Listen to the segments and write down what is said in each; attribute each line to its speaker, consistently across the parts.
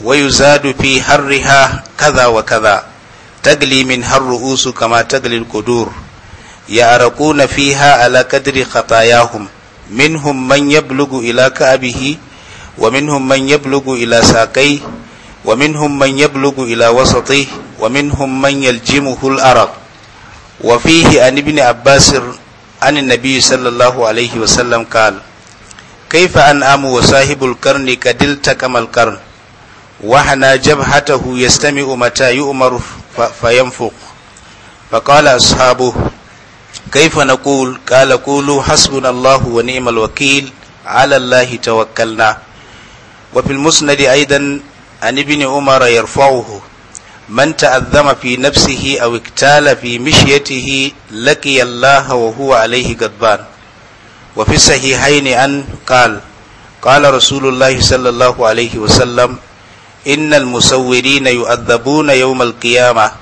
Speaker 1: ويزاد في حرها كذا وكذا تجلي منها الرؤوس كما تجلي القدور يعرقون فيها على قدر خطاياهم منهم من يبلغ إلى كعبه ومنهم من يبلغ إلى ساقيه ومنهم من يبلغ إلى وسطه ومنهم من يلجمه الأرض وفيه عن ابن عباس عن النبي صلى الله عليه وسلم قال كيف أنعم وصاحب القرن قد التكم القرن وحنى جبهته يستمع متى يؤمر فينفق فقال أصحابه كيف نقول قال قولوا حسبنا الله ونعم الوكيل على الله توكلنا وفي المسند أيضا عن ابن عمر يرفعه من تأذم في نفسه أو اكتال في مشيته لقي الله وهو عليه غضبان وفي الصحيحين أن قال قال رسول الله صلى الله عليه وسلم innal musawwirina yu'adhabuna yawmal qiyamah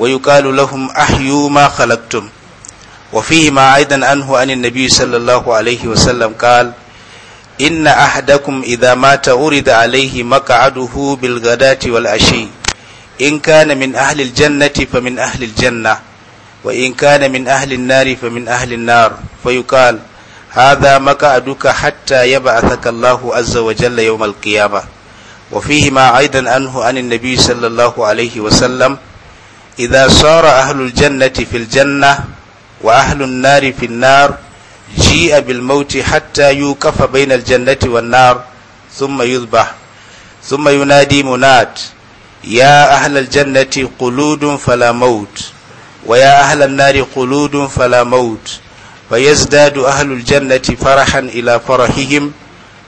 Speaker 1: wa yuqalu lahum ahyu ma khalaqtum وفيهما أيضا أنه عن النبي صلى الله عليه وسلم قال إن أحدكم إذا مات أورد عليه مقعده بالغداة والعشي إن كان من أهل الجنة فمن أهل الجنة وإن كان من أهل النار فمن أهل النار فيقال هذا مقعدك حتى يبعثك الله عز وجل يوم القيامة وفيهما أيضا عنه عن النبي صلى الله عليه وسلم إذا صار أهل الجنة في الجنة وأهل النار في النار جيء بالموت حتى يوقف بين الجنة والنار ثم يذبح ثم ينادي مناد يا أهل الجنة قلود فلا موت ويا أهل النار قلود فلا موت فيزداد أهل الجنة فرحا إلى فرحهم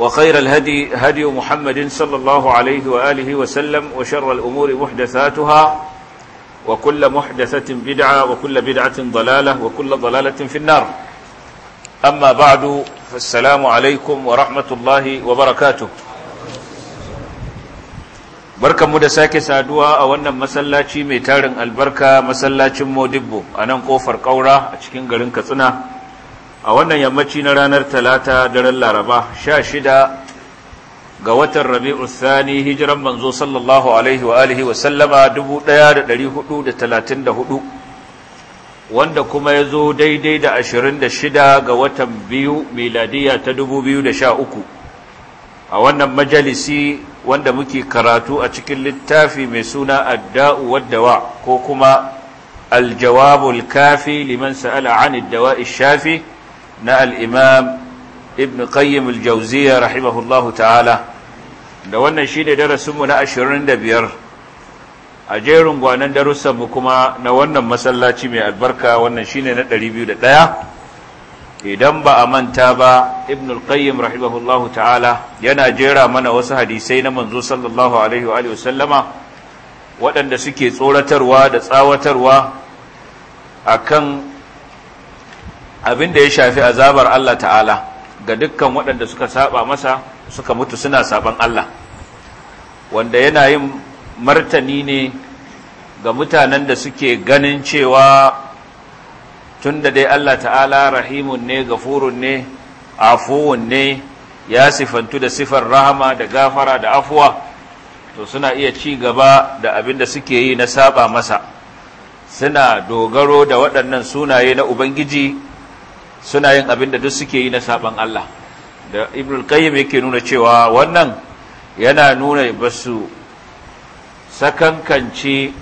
Speaker 2: وخير الهدي هدي محمد صلى الله عليه وآله وسلم وشر الأمور محدثاتها وكل محدثة بدعة وكل بدعة ضلالة وكل ضلالة في النار أما بعد فالسلام عليكم ورحمة الله وبركاته barkanmu da sake saduwa a wannan masallaci mai tarin albarka masallacin modibbo a nan kofar kaura a cikin garin katsina a wannan yammaci na ranar talata daren laraba sha shida ga watan rabi'u thani hijiran manzo sallallahu alaihi wa alihi wa sallama 1434 wanda kuma ya zo daidai da 26 ga watan biyu miladiya ta 2013 a wannan majalisi wanda muke karatu a cikin littafi mai suna adda'u waddawa ko kuma aljawabul kafi liman sa'ala 'anid dawa'i shafi na al'imam ibn qayyim al-jauziya rahimahullahu ta'ala da wannan shi ne darasinmu na ashirin da biyar a jerin gwanon darussanmu kuma na wannan masallaci mai albarka wannan shi ne na ɗari biyu da ɗaya idan ba a manta ba ibn qayyim rahimahullahu ta'ala yana jera mana wasu hadisai na manzo sallallahu alaihi waɗanda suke tsoratarwa da tsawatarwa akan abin da ya shafi azabar Allah ta'ala ga dukkan waɗanda suka saba masa suka mutu suna saban Allah wanda yana yin martani ne ga mutanen da suke ganin cewa tun da dai Allah ta'ala rahimun ne gafurun ne afuwun ne ya sifantu da sifar rahama da gafara da afuwa to suna iya ci gaba da abin da suke yi na saba masa suna dogaro da waɗannan sunaye na ubangiji suna yin abin da duk suke yi na saban Allah da ibn al-qayyim yake nuna cewa wannan yana nuna basu sakankance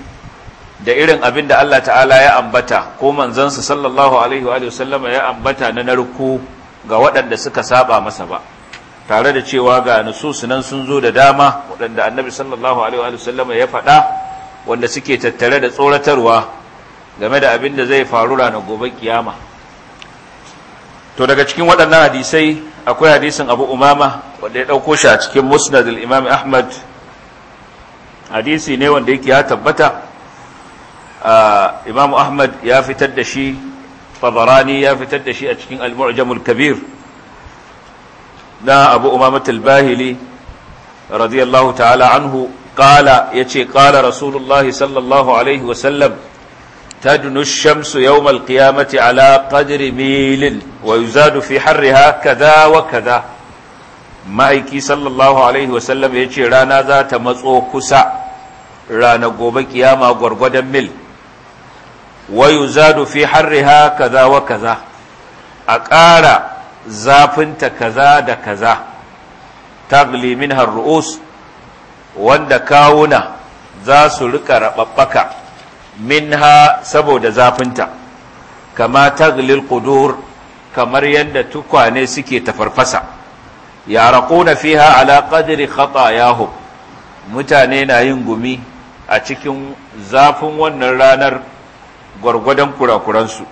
Speaker 2: da irin abin da Allah ta'ala ya ambata ko manzansa sallallahu alaihi wa sallama ya ambata na narko ga waɗanda suka saba masa ba tare da cewa ga nususunan nan sun zo da dama waɗanda annabi sallallahu alaihi wa sallama ya faɗa wanda suke tattare da tsoratarwa game da abin da zai faru ranar gobe kiyama to daga cikin waɗannan hadisai akwai hadisin abu umama wanda ya ɗauko shi a cikin musnad imam ahmad hadisi ne wanda yake ya tabbata imam ahmad ya fitar da shi tabarani ya fitar da shi a cikin al-mu'jamul kabir na abu umama al radiyallahu ta'ala anhu qala yace qala rasulullahi sallallahu alaihi wa sallam تدنو الشمس يوم القيامة على قدر ميل ويزاد في حرها كذا وكذا ma'aiki sallallahu alaihi wasallam ya ce rana za ta matso kusa rana gobe kiyama gwargwadon mil wayu zadu fi harriha kaza wa kaza a ƙara zafinta kaza da kaza tagli min ru'us wanda kawuna za su rika raɓaɓɓaka minha saboda zafinta kama taglil qudur kamar yadda tukwane suke tafarfasa ya raquna fiha ala qadri khatayahum mutane na yin gumi a cikin zafin wannan ranar gwargwadon kurakuransu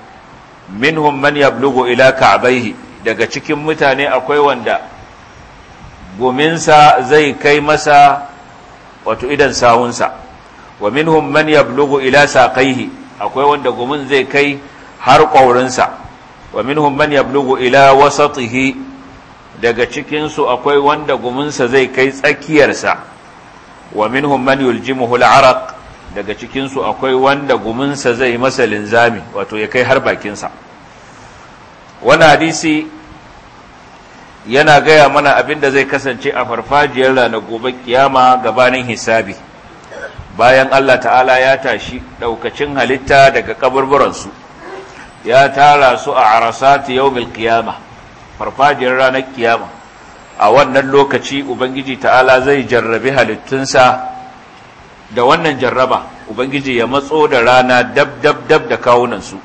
Speaker 2: minhum man yablugu ila ka'bayhi daga cikin mutane akwai wanda guminsa zai kai masa wato idan sawunsa wa minhum man yablughu ila saqaihi akwai wanda gumin zai kai har ƙaurinsa wa minhum man yablughu ila wasatihi daga cikin su akwai wanda guminsa zai kai tsakiyarsa wa minhum man yuljimuhu al daga cikin su akwai wanda guminsa zai masa linzami wato ya kai har bakinsa wannan hadisi yana gaya mana abin da zai kasance a farfajiyar ranar gobe kiyama gabanin hisabi bayan Allah ta'ala ya tashi ɗaukacin halitta daga kaburburansu ya tara su a arasati yawmil qiyama farfajiyar ranar kiyama a wannan lokaci ubangiji ta'ala zai jarrabi halittunsa da wannan jarraba ubangiji ya matso da rana dab dab dab da kawunansu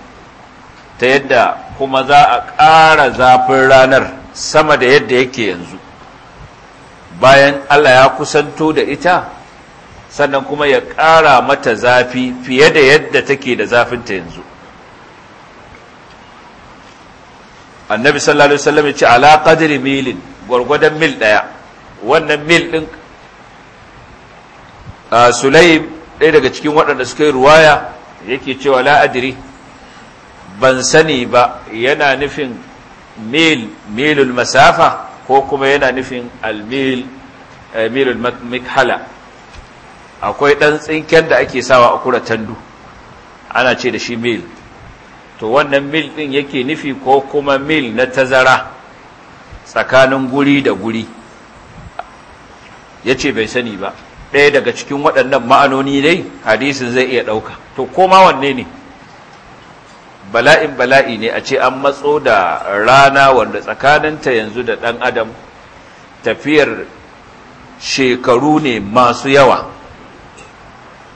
Speaker 2: ta yadda kuma za a ƙara zafin ranar sama da yadda yake yanzu bayan Allah ya kusanto da ita sannan kuma ya ƙara mata zafi fiye da yadda take da zafinta yanzu annabi sallallahu alaihi wasallam ya ce ala qadri milin gwargwadon mil ɗaya wannan mil ɗin sulaim ɗaya daga cikin waɗanda suka yi ruwaya yake cewa la'adiri ban sani ba yana nufin mil milul masafa ko kuma yana nufin almil eh, milul mikhala akwai ɗan tsinken da ake sawa a kura tandu ana ce da shi mil to wannan mil ɗin yake nufi ko kuma mil na tazara tsakanin guri da guri ya ce bai sani ba ɗaya daga cikin waɗannan ma'anoni dai hadisin zai iya ɗauka to koma wanne ne bala'in bala'i ne a ce an matso da rana wanda tsakaninta yanzu da ɗan adam tafiyar shekaru ne masu yawa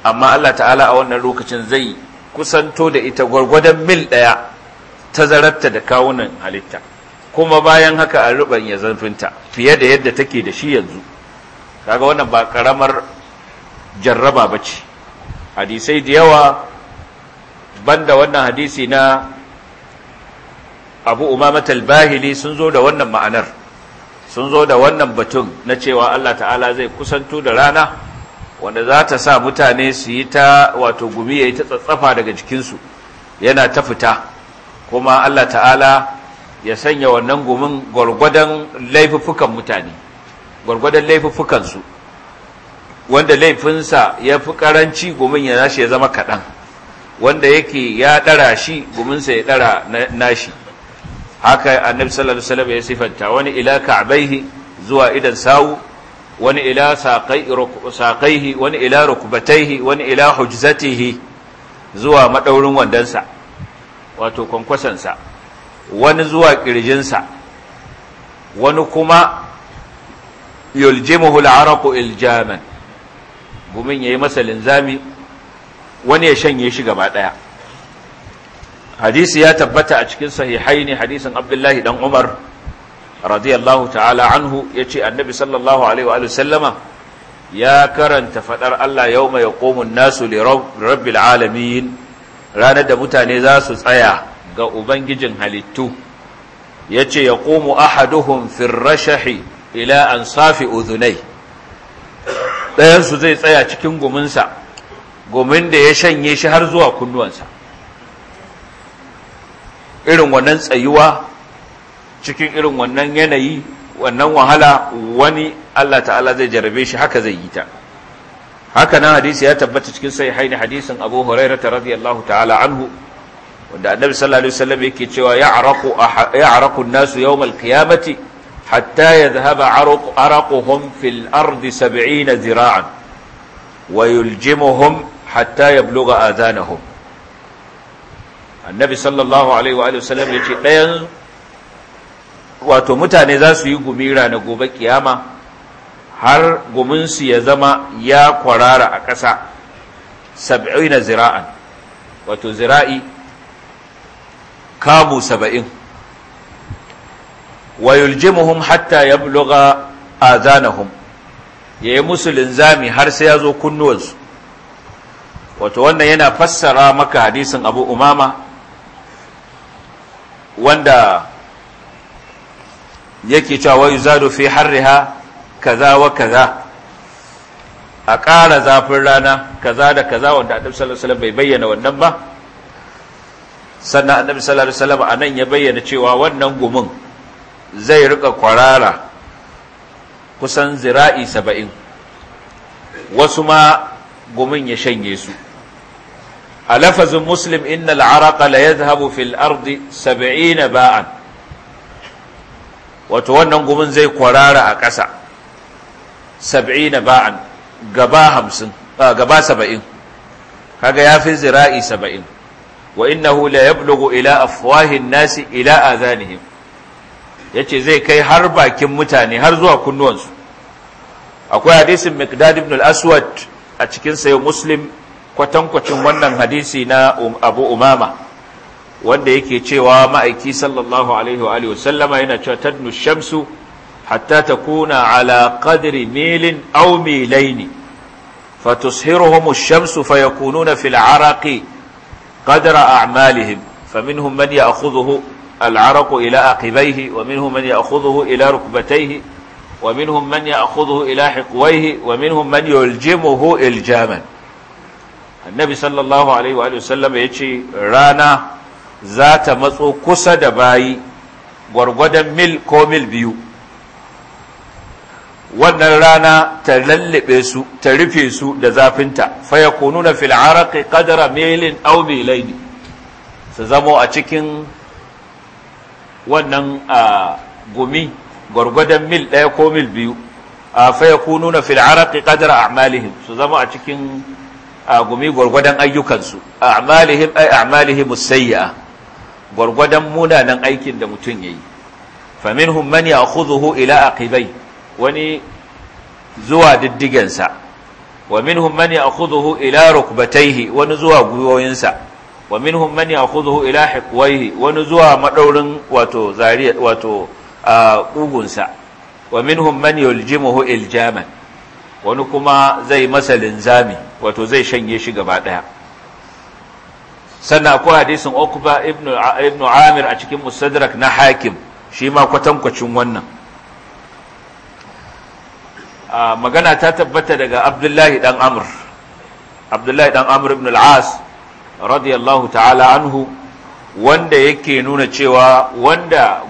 Speaker 2: amma Allah ta'ala a wannan lokacin zai kusanto da ita gwargwadon mil ɗaya ta zararta da kawunan halitta kuma bayan haka a ya zanfinta fiye da yadda take da shi yanzu kaga wannan ba ƙaramar jarraba ba ce hadisai da yawa banda wannan hadisi na abu umamat al sun zo da wannan ma'anar sun zo da wannan batun na cewa Allah ta'ala zai kusanto da rana wanda za ta sa mutane su yi ta wato gumi ya yi ta tsatsafa daga jikinsu yana ta fita kuma Allah ta'ala ya sanya wannan gumin gwargwadon laifuffukan mutane gwargwadon laifuffukansu wanda laifinsa ya fi karanci gumin ya nashi ya zama kaɗan wanda yake ya ɗara shi guminsa ya ɗara nashi haka annabi sallallahu alaihi wasallam ya sifanta wani ila ka'baihi zuwa idan sawu wani ila saƙaihi wani ila rukubataihi wani ila hujzatihi zuwa maɗaurin wandonsa wato kwankwasansa wani zuwa ƙirjinsa wani kuma yuljimuhu al'araqu iljaman gumin yayi masa linzami wani ya shanye shi gaba ɗaya hadisi ya tabbata a cikin sahihaini hadisin abdullahi dan umar radiyallahu ta'ala anhu ya ce annabi sallallahu alaihi wa sallama ya karanta faɗar Allah yauma ya ƙomun nasu li rabbil alamin ranar da mutane za su tsaya ga Ubangijin halittu ya ce ya ƙomu ahaduhun firrashahi ila an safi uzunai ɗayansu zai tsaya cikin guminsa gumin da ya shanye shi har zuwa kunnuwansa irin wannan tsayuwa cikin irin wannan yanayi wannan wahala wani Allah ta'ala zai jarabe shi haka zai yi ta haka nan hadisi ya tabbata cikin sai sahihain hadisin Abu Hurairah radiyallahu ta'ala anhu wanda Annabi sallallahu alaihi wasallam yake cewa ya'raqu ya'raqu an-nasu yawm al-qiyamati hatta yadhhaba 'araquhum fil ardi 70 zira'an wa yuljimuhum hatta yablugha adhanahum Annabi sallallahu alaihi wa alihi wasallam yace dayan wato mutane za su yi gumi rana gobe kiyama har guminsu ya zama ya kwarara a ƙasa na zira'an wato zira'i kamu saba'in wa yuljimuhum hatta yabluga azanahum yayi musu linzami har sai ya zo kunnuwansu wato wannan yana fassara maka hadisin abu umama wanda yake cewa wa yuzadu fi harriha kaza wa kaza a ƙara zafin rana kaza da kaza wanda annabi sallallahu alaihi wasallam bai bayyana wannan ba sannan annabi sallallahu alaihi wasallam anan ya bayyana cewa wannan gumin zai rika kwarara kusan zira'i saba'in wasu ma gumin ya shanye su a lafazin muslim inna araqa la yadhhabu fil ardi sab'ina ba'an wato wannan gumin zai kwarara a ƙasa na ba'an gaba hamsin gaba saba'in kaga ya fi zira'i saba'in wa hula la yablugu ila afwahin nasi ila azanihim yace zai kai har bakin mutane har zuwa kunnuwansu akwai hadisin miqdad ibn al-aswad a cikin sayo muslim kwatankwacin wannan hadisi na abu umama wanda yake cewa ma'aiki sallallahu alaihi wa sallama yana cewa tadnu shamsu hatta takuna ala qadri milin au milaini fatushiruhum ash-shamsu fayakununa fil araqi qadra a'malihim faminhum man ya'khudhuhu العرق إلى عقبيه ومنهم من يأخذه إلى ركبتيه ومنهم من يأخذه إلى حقويه ومنهم من يلجمه إلجاما النبي صلى الله عليه وآله وسلم يجي rana. za ta matso kusa da bayi gwargwadon mil ko mil biyu wannan rana ta lallabe su ta rufe su da zafinta faya yakununa fil araqi qadra milin aw milayn su zamo a cikin wannan gumi gwargwadon mil ɗaya ko mil biyu a fa yakununa fil araqi qadra a'malihim su zamo a cikin gumi gwargwadon ayyukansu a'malihim ay a'malihim as-sayyi'a gwargwadon munanan aikin da mutum ya yi hummani a kuzuhu ila aqibai wani zuwa diddigensa wa hummani a kuzuhu ila rukbataihi wani zuwa gwiwoyinsa wa hummani a kuzuhu ila haikwaihi wani zuwa madaurin wato zariya wato kugunsa wa minhum man hu iljaman wani kuma zai masa linzami wato zai shanye shi gaba ɗaya. sannan akwai hadisin ukba ibn ibn Amir a cikin Mustadrak na Hakim shi ma kwatankwacin wannan magana ta tabbata daga Abdullahi dan Amr Abdullahi dan Amr ibn al-As radiyallahu ta'ala anhu wanda yake nuna cewa wanda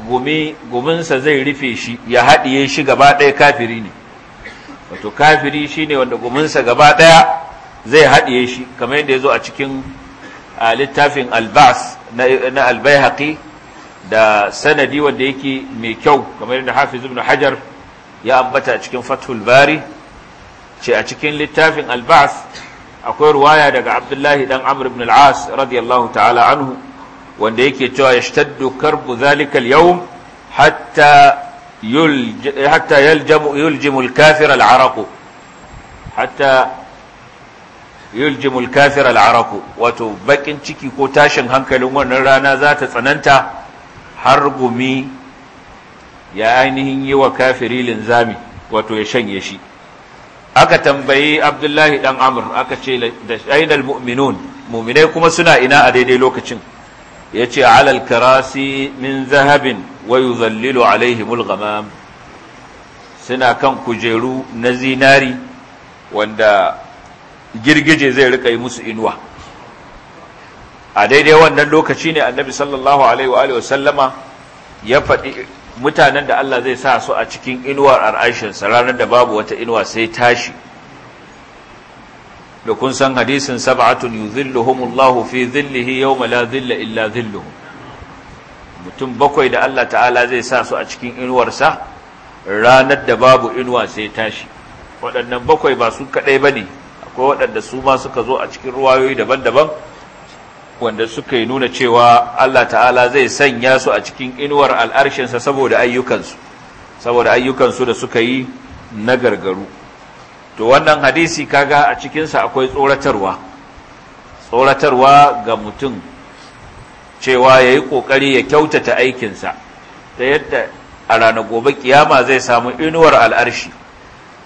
Speaker 2: guminsa zai rufe shi ya haɗiye shi gaba ɗaya kafiri ne wato kafiri shine wanda guminsa gaba ɗaya zai haɗiye shi kamar yadda ya zo a cikin a littafin albas na haƙi da sanadi wanda yake mai kyau kamar yadda hafiz ibn hajar ya ambata a cikin fathul bari ce a cikin littafin albas akwai ruwaya daga abdullahi dan amr ibn al-as radiyallahu ta'ala anhu wanda yake cewa yashtaddu karbu zalika yau yawm hatta hatta yaljamu yuljimu al-kafir al-araq hatta yuljimul kafir al'araku wato bakin ciki ko tashin hankalin wannan rana za ta tsananta har gumi ya ainihin yi wa kafiri linzami wato ya shanye shi aka tambayi abdullahi dan amr aka ce da ainal mu'minun mu'minai kuma suna ina a daidai lokacin ya ce alal karasi min zahabin wa yuzallilu alaihimul ghamam suna kan kujeru na zinari wanda girgije zai rika yi musu inuwa a daidai wannan lokaci ne annabi sallallahu alaihi wa sallama ya faɗi mutanen da Allah zai sa su a cikin inuwar ar'ashinsa ranar da babu wata inuwa sai tashi da kun san hadisin sab'atun yuzilluhumullahu fi zillihi yawma la zilla illa zilluhum mutum bakwai da Allah ta'ala zai sa su a cikin inuwarsa ranar da babu inuwa sai tashi waɗannan bakwai ba su kaɗai ba ne Ko waɗanda su ma suka zo a cikin ruwayoyi daban-daban wanda suka yi nuna cewa Allah ta'ala zai sanya su a cikin inuwar al'arshinsa saboda ayyukansu saboda ayyukansu da suka yi na gargaru to wannan hadisi kaga a cikinsa akwai tsoratarwa tsoratarwa ga mutum cewa ya yi ƙoƙari ya kyautata aikinsa ta yadda a ranar gobe kiyama zai samu inuwar al'arshi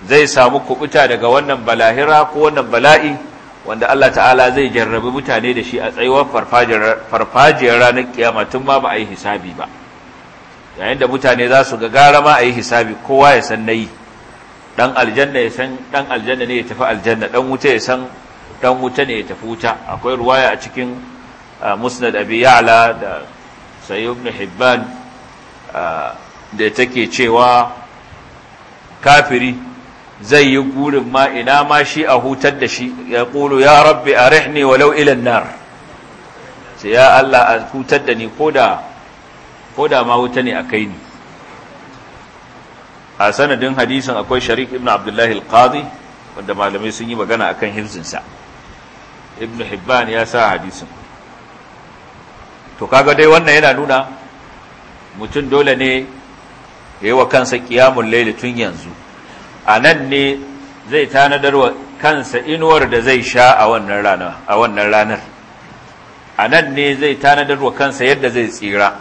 Speaker 2: zai samu kubuta daga wannan balahira ko wannan bala'i wanda Allah ta'ala zai jarrabi mutane da shi a tsayuwar farfajiyar ranar kiyama tun ma ba a yi hisabi ba yayin da mutane za su ga gara ma a yi hisabi kowa ya san yi ɗan aljanna ya san ɗan aljanna ne ya tafi aljanna ɗan wuta ya san ɗan wuta ne ya tafi wuta akwai ruwaya a cikin musnad abi ya'la da sayyid ibn hibban da take cewa kafiri zai yi gurin ma ina ma shi a hutar da shi ya ƙulu ya rabbi a rihni walau ilan nar sai ya Allah a hutar da ni ko da ma wuta ne a kai ni a sanadin hadisin akwai sharik ibn abdullahi al-qadi wanda malamai sun yi magana a kan hirzinsa ibn hibban ya sa hadisin to kaga dai wannan yana nuna mutum dole ne ya yi wa kansa ƙiyamun laili tun yanzu a nan ne zai tanadar wa kansa inuwar da zai sha a wannan ranar a nan ne zai tanadar wa kansa yadda zai tsira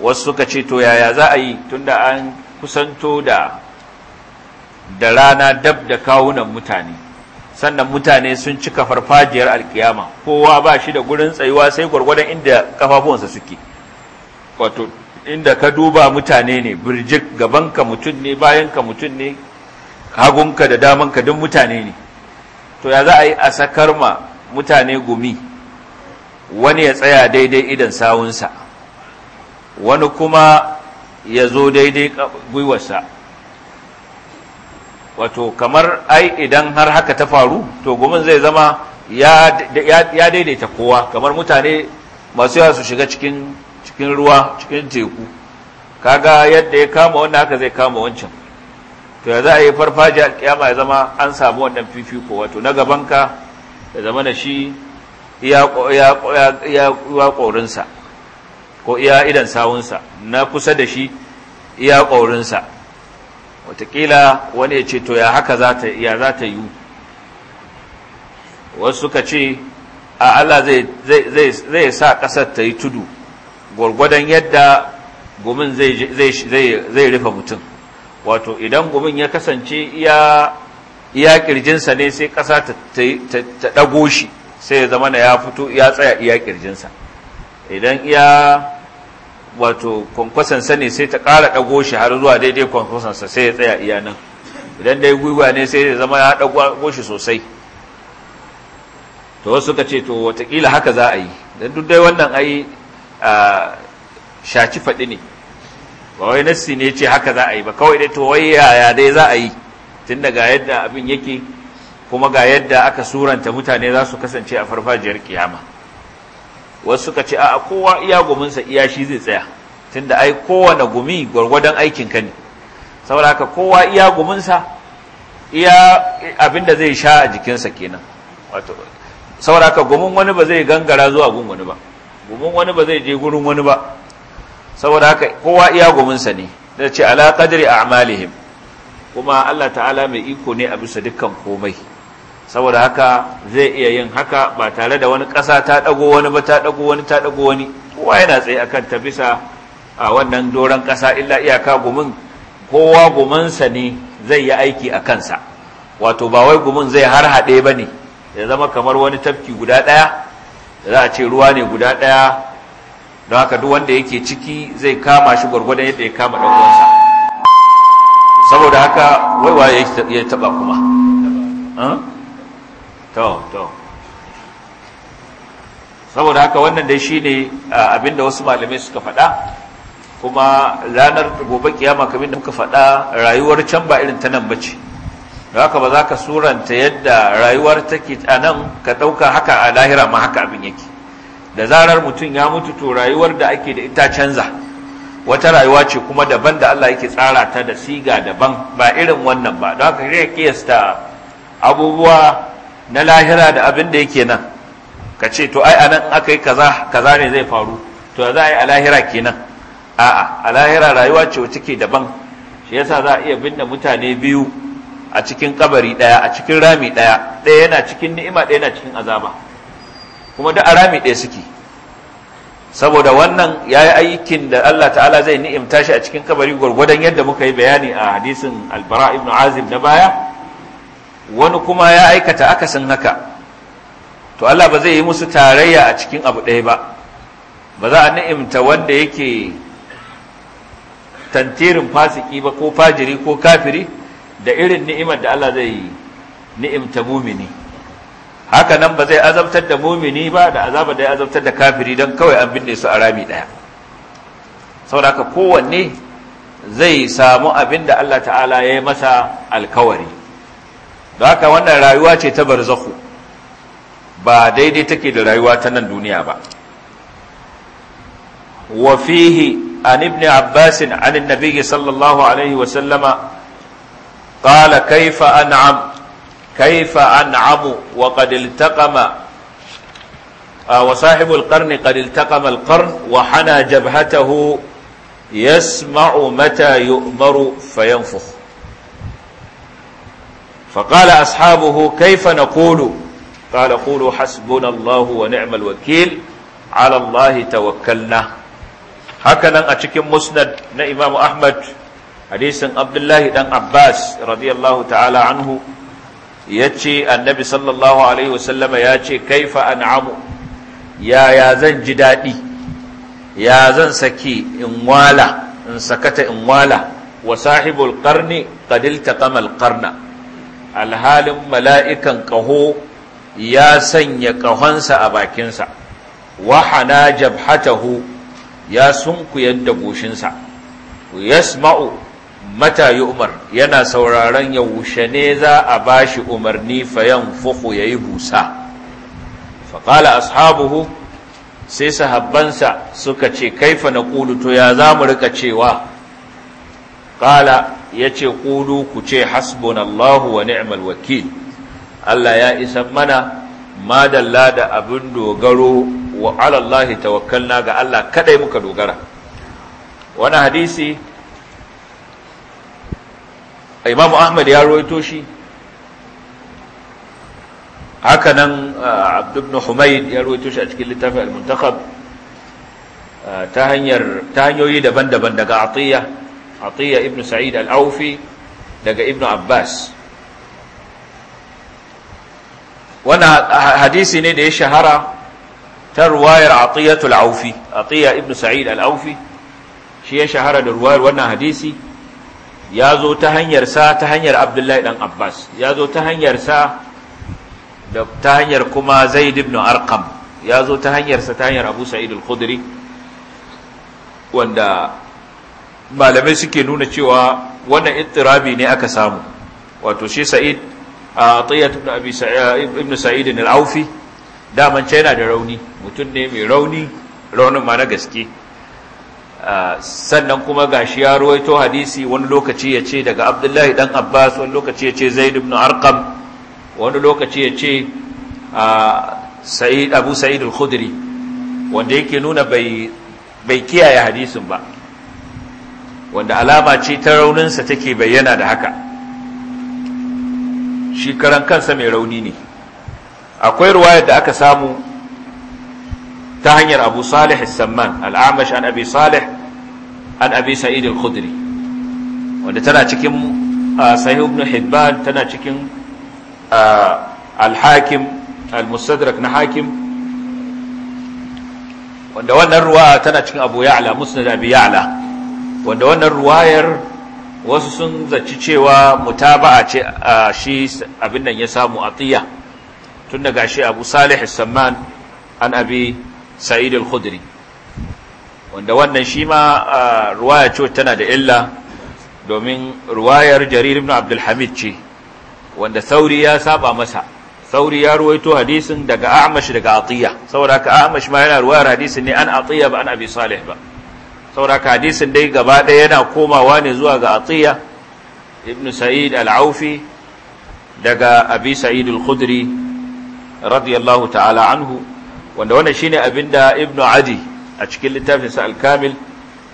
Speaker 2: wasu suka ce to yaya za a yi tunda an kusanto da da rana dab da kawunan mutane sannan mutane sun cika farfajiyar alkiyama kowa ba shi da gurin tsayuwa sai gwargwadon inda kafafuwansa suke wato inda ka duba mutane ne birjik gabanka mutum ne bayanka mutum ne hagunka da damanka duk mutane ne to ya za a yi a sakar ma mutane gumi wani ya tsaya daidai idan sawunsa wani kuma ya zo daidai gwiwarsa wato kamar ai idan har haka ta faru to gumin zai zama ya daidaita kowa kamar mutane masu yawa su shiga cikin ruwa cikin teku kaga yadda ya kama wannan haka zai kama wancan to ya za a yi farfajiya alkiyama ya zama an samu wannan fifiko wato na gabanka ya zama da shi iya ƙorinsa ko iya idan sawunsa na kusa da shi iya ƙorinsa watakila wani ya ce to ya haka za ta yi wasu suka ce a Allah zai sa ƙasar ta yi tudu gwargwadon yadda gumin zai rufe mutum wato idan gumin ya kasance iya kirjinsa ne sai ƙasa ta ɗago shi sai ya zama na ya fito ya tsaya iya kirjinsa idan iya wato kwankwasansa ne sai ta ƙara ɗago shi har zuwa daidai kwankwasansa sai ya tsaya iya nan idan dai gwiwa ne sai ya zama ya ɗago shi sosai to wasu suka ce to watakila haka za a yi don duk dai wannan yi shaci faɗi ne ba wai nassi ne ce haka za a yi ba kawai dai to wai yaya dai za a yi tun daga yadda abin yake kuma ga yadda aka suranta mutane za su kasance a farfajiyar kiyama wasu suka ce a kowa iya guminsa iya shi zai tsaya tun da ai kowane gumi gwargwadon aikin ka ne saboda haka kowa iya guminsa iya abin da zai sha a jikinsa kenan wato saboda haka gumin wani ba zai gangara zuwa gun wani ba gumin wani ba zai je gurin wani ba saboda haka kowa iya gominsa ne da ce ala qadri a'malihim kuma Allah ta'ala mai iko ne a bisa dukkan komai saboda haka zai iya yin haka ba tare da wani ƙasa ta ɗago wani ba ta ɗago wani ta ɗago wani kowa yana tsaye akan ta bisa a wannan doron ƙasa illa iyaka gumin kowa gumansa ne zai yi aiki a kansa wato ba wai gumin zai har haɗe ba ne ya zama kamar wani tafki guda ɗaya za a ce ruwa ne guda ɗaya don haka duk wanda yake ciki zai kama shi gwargwadon yadda ya kama ɗan uwansa saboda haka waiwa ya taɓa kuma saboda haka wannan dai shine abinda wasu malamai suka faɗa kuma ranar gobe kiyama kamar da muka faɗa rayuwar can ba irin ta nan ba ce, da haka ba za ka suranta yadda rayuwar take a nan ka ɗauka haka a lahira ma haka abin yake da zarar mutum ya mutu to rayuwar da ake da ita canza wata rayuwa ce kuma daban da Allah yake tsara ta da siga daban ba irin wannan ba don haka ya kiyasta abubuwa na lahira da abin da yake nan ka ce to ai anan aka yi kaza kaza ne zai faru to za a yi a lahira kenan a'a a lahira rayuwa ce wacce ke daban shi yasa za a iya binne mutane biyu a cikin kabari daya a cikin rami daya ɗaya yana cikin ni'ima ɗaya yana cikin azaba kuma duk arami ɗaya suke saboda wannan ya yi aikin da Allah ta'ala zai ni'imta shi a cikin kabari gwargwadon yadda muka yi bayani a hadisin albara ibn azim na baya wani kuma ya aikata akasin haka to Allah ba zai yi musu tarayya a cikin abu ɗaya ba ba za a ni'imta wanda yake tantirin fasiki ba ko fajiri ko kafiri da irin ni'imar da Allah zai ni'imta mumini haka nan ba zai azabtar da mumini ba da azaba da ya azabtar da kafiri don kawai an binne su a rami ɗaya saboda kowanne zai samu abin da Allah ta'ala ya yi masa alkawari don haka wannan rayuwa ce ta barzahu ba daidai take da rayuwa ta nan duniya ba wafihi fihi an ibn abbas an annabi sallallahu alaihi wa sallama qala kaifa an'am kaifa an'amu wa qad iltaqama wa sahibul qarni qad iltaqama al qarn wa hana jabhatahu yasma'u mata yu'maru fayanfukh فقال أصحابه كيف نقول قال قولوا حسبنا الله ونعم الوكيل على الله توكلنا هكذا أتكلم مسند إمام أحمد حديث عبد الله بن عباس رضي الله تعالى عنه ya ce annabi sallallahu alaihi wasallama ya ce kaifa an'amu yaya zan ji daɗi ya zan saki in wala in sakata in wala wa sahibul karni qad iltaqama al alhalin mala'ikan ƙaho ya sanya ƙahonsa a bakinsa wa hana jabhatahu ya sunku yadda goshinsa yasma'u mata yi umar yana sauraron yaushe ne za a ba shi umarni fayan fuku ya yi busa faƙala ashabuhu sai sahabbansa suka ce kaifa na ƙulu to ya za mu rika cewa ƙala ya ce ƙulu ku ce hasbunallahu wa ni'mal wakil Allah ya isa mana madalla da abin dogaro wa alallahi tawakkalna ga Allah kaɗai muka dogara wani hadisi imamu ahmad ya rawaito shi haka nan ah, ya rawaito shi a cikin littafin al-muntakab ah, ta ta hanyoyi daban-daban daga atiya atiya ibn sa'id al-aufi daga ibn abbas wannan ah, hadisi ne da ya shahara ta ruwayar atiyatul aufi atiya ibn sa'id al-aufi shi ya shahara da ruwayar wannan hadisi ya zo ta hanyar sa ta hanyar abdullahi dan abbas ya zo ta hanyar sa da ta hanyar kuma zaid ibn arqam ya zo ta hanyar sa ta hanyar abu sa'id al-khudri wanda malamai suke nuna cewa wannan ittirabi ne aka samu wato shi sa'id atiyat ibn abi ibn sa'id al-aufi daman yana da rauni mutum ne mai rauni raunin ma na gaske Ah, sannan kuma gashi ya ruwaito hadisi wani lokaci ya ce daga abdullahi dan abbas wani lokaci ya ce zaid ibn arqam wani lokaci ya ce ah, sa'id abu sa'id al-khudri wanda yake nuna bai bai kiyaye hadisin ba wanda alama ce ta rauninsa take bayyana da haka shi karan kansa mai rauni ne akwai ruwayar da aka samu ta hanyar abu salih samman al'amash an abi salih an abi sa'id al-khudri wanda tana cikin uh, sahih ibn hibban tana cikin uh, al-hakim al-mustadrak na hakim wanda wannan ruwa tana cikin abu ya'la musnad abi ya'la wanda wannan ruwayar wasu sun zaci cewa mutaba'a ce uh, shi abin nan ya samu atiya tun daga shi abu salih samman an abi sa'id al-khudri wanda wannan shi ma ruwaya ce tana da illa domin ruwayar jarir ibn ce wanda sauri ya saba masa sauri ya ruwaito hadisin daga amash daga atiya saboda ka amash ma yana ruwayar hadisin ne an atiya ba an abi salih ba saboda ka hadisin dai gaba ɗaya yana komawa ne zuwa ga atiya ibn sa'id al-aufi daga abi sa'id al-khudri radiyallahu ta'ala anhu wanda wannan shine abinda Ibnu adi a cikin littafinsa al-kamil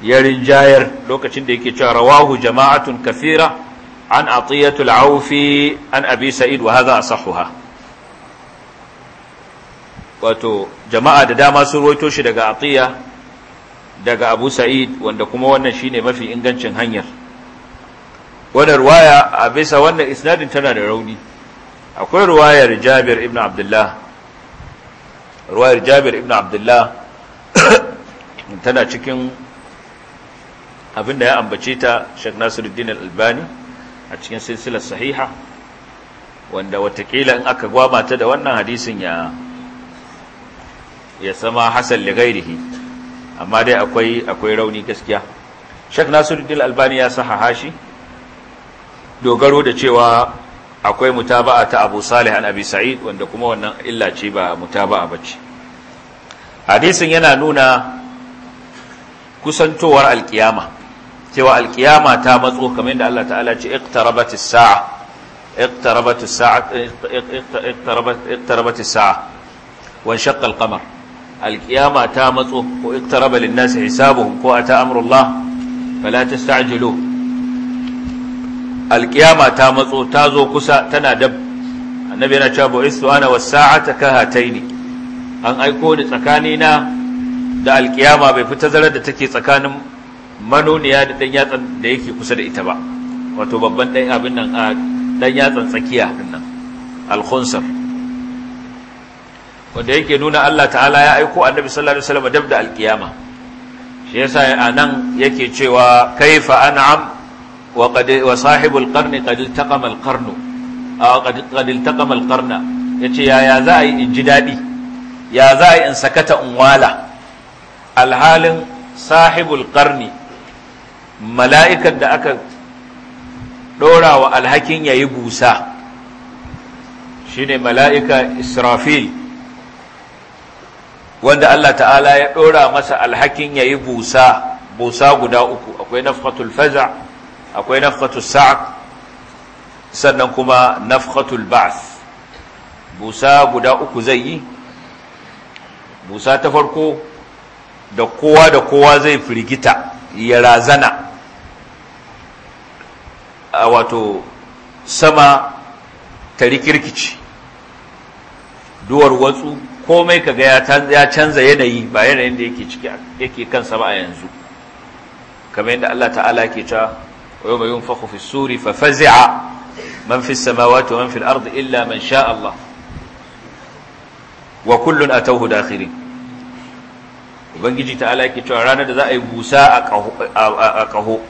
Speaker 2: ya rinjayar lokacin da yake cewa rawahu jama'atun kathira an atiyatu al-awfi an abi sa'id wa hadha asahuha wato jama'a da dama sun roito shi daga atiya daga abu sa'id wanda kuma wannan shine mafi ingancin hanyar wannan ruwaya a bisa wannan isnadin tana da rauni akwai ruwayar jabir Ibnu abdullah ruwayar jabir ibn abdullah tana cikin abinda ya ambace ta shek nasiruddin albani a cikin silsilar sahiha wanda watakila in aka gwama ta da wannan hadisin ya ya sama hasan li ghairihi amma dai akwai akwai rauni gaskiya shek nasiruddin albani ya sahaha shi dogaro da cewa akwai mutaba'a ta Abu Salih an Abi Sa'id wanda kuma wannan illa ce ba mutaba'a bace hadisin yana nuna kusantowar alkiyama cewa alkiyama ta matso kamar yadda Allah ta'ala ce iqtarabat as-sa'a iqtarabat as-sa'a iqtarabat iqtarabat as-sa'a wa shaqqa al-qamar alkiyama ta matso ko iqtaraba lin-nasi hisabuhum ko ata amrullah fala tastajiluhu alkiyama ta matso ta zo kusa tana dab annabi yana cewa isu ana was-sa'ata kahataini an aiko ni tsakani na da alkiyama bai fita zarar da take tsakanin manoniya da dan yatsan da yake kusa da ita ba wato babban dan abin nan a dan yatsan tsakiya din nan al-khunsar wanda yake nuna Allah ta'ala ya aiko annabi sallallahu alaihi wasallam dab da alkiyama shi yasa anan yake cewa kaifa an'am وقد وصاحب القرن قد التقم القرن او قد قد التقم القرن يتي يا يا زاي ان جي دادي يا زاي ان سكت ان والا الحال صاحب القرن ملائكه da aka dora wa alhakin yayi busa shine malaika israfil wanda Allah ta'ala ya dora masa alhakin yayi busa busa guda uku akwai nafqatul faza' akwai nafkatu sa'ad sannan kuma nafkatu ba'ath busa guda uku zai yi busa ta farko da kowa da kowa zai firgita ya razana a wato sama ta rikirkici duwar watsu komai kaga ya canza yanayi ba yanayin da yake ciki yake kansa a yanzu kamar yadda Allah ta'ala ke ta. wa yawma yunfakhu fi suri fa man fi samawati wa man fi illa man sha Allah wa kullun atawhu dakhirin ubangiji ta'ala yake cewa ranar da za a yi busa a kaho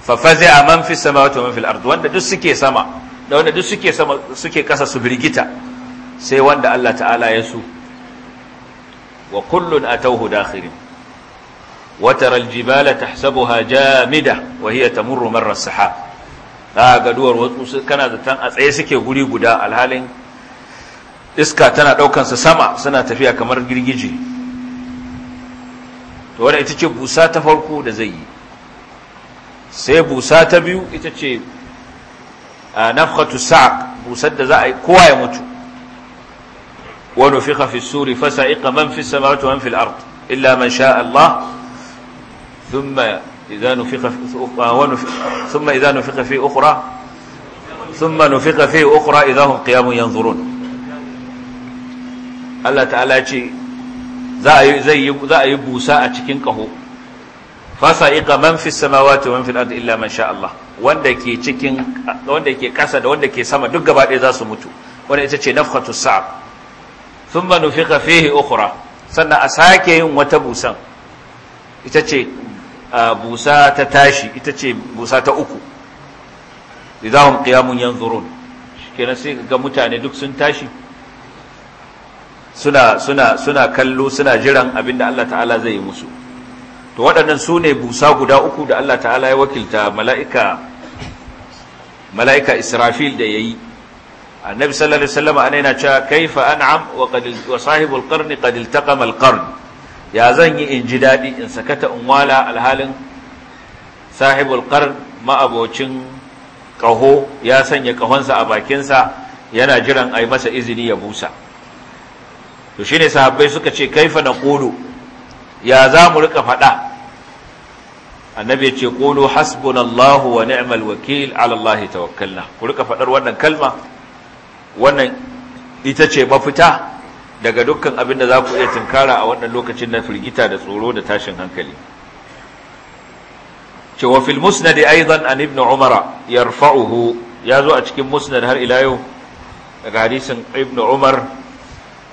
Speaker 2: fa man fi samawati wa man fi wanda duk suke kasa su birgita sai wanda Allah ta'ala ya su wa kullun atawhu dakhirin وترى الجبال تحسبها جامدة وهي تمر مر السحاب kana zaton a tsaye suke guri guda. alhalin iska tana ɗaukansa sama suna tafiya kamar girgije to wadda ita ce busa ta farko da zai yi sai busa ta biyu ita ce a nafkatu sa'ak busar da za a yi kowa ya mutu wani fi hafi suri fasa iqa man fi samawati man fil ard illa man sha Allah ثم إذا نفخ ثم إذا نفخ في أخرى ثم نفخ في أخرى إذا هم قيام ينظرون Allah ta'ala ce za a yi busa a cikin ƙaho fasa'iqa man fi samawati wa man fil ardi illa man sha Allah wanda ke cikin wanda ke kasa da wanda ke sama duk gaba ɗaya za su mutu wanda ita ce nafkhatu sa'ab thumma nufiqa fihi ukura sannan a sake yin wata busan ita ce busa ta tashi ita ce busa ta uku idahum qiyamun yanzurun kenan sai ga mutane duk sun tashi suna suna suna kallo suna jiran abinda Allah ta'ala zai yi musu to waɗannan su ne busa guda uku da Allah ta'ala ya wakilta mala'ika mala'ika Israfil da yayi annabi sallallahu alaihi wasallam ana yana cewa kaifa an'am wa wa sahibul qarni qad iltaqama al-qarn ya zan yi in ji daɗi in sakata in wala alhalin sahibul ma'abocin ƙaho ya sanya ƙahonsa a bakinsa yana jiran a yi masa izini ya busa to shi ne sahabbai suka ce kaifa na ƙulu ya za mu rika faɗa annabi ya ce ƙulu hasbunallahu wa ni'mal wakil alallahi tawakkalna ku rika faɗar wannan kalma wannan ita ce mafita daga dukkan abin da za ku iya tunkara a wannan lokacin na firgita da tsoro da tashin hankali Cewa wa fil musnad aidan an ibn umar yarfa'uhu ya zo a cikin musnad har ila daga hadisin ibn umar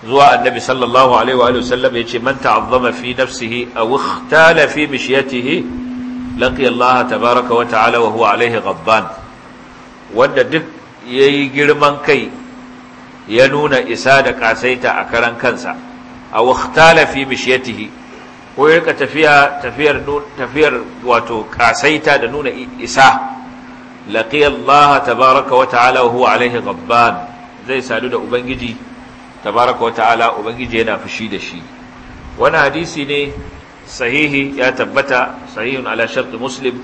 Speaker 2: zuwa annabi sallallahu alaihi wa sallam yace man ta'azzama fi nafsihi aw ikhtala fi mishyatihi laqiya Allah tabaaraka wa ta'ala wa huwa alaihi ghabban wanda duk yayi girman kai ya nuna isa da kasaita a karan kansa a wakhtala fi mishiyatihi ko ya rika tafiya tafiyar tafiyar wato kasaita da nuna isa laqiya Allah tabaraka wa ta'ala wa huwa alaihi gabban zai sadu da ubangiji tabaraka wa ta'ala ubangiji yana fushi da shi wani hadisi ne sahihi ya tabbata sahihun ala shart muslim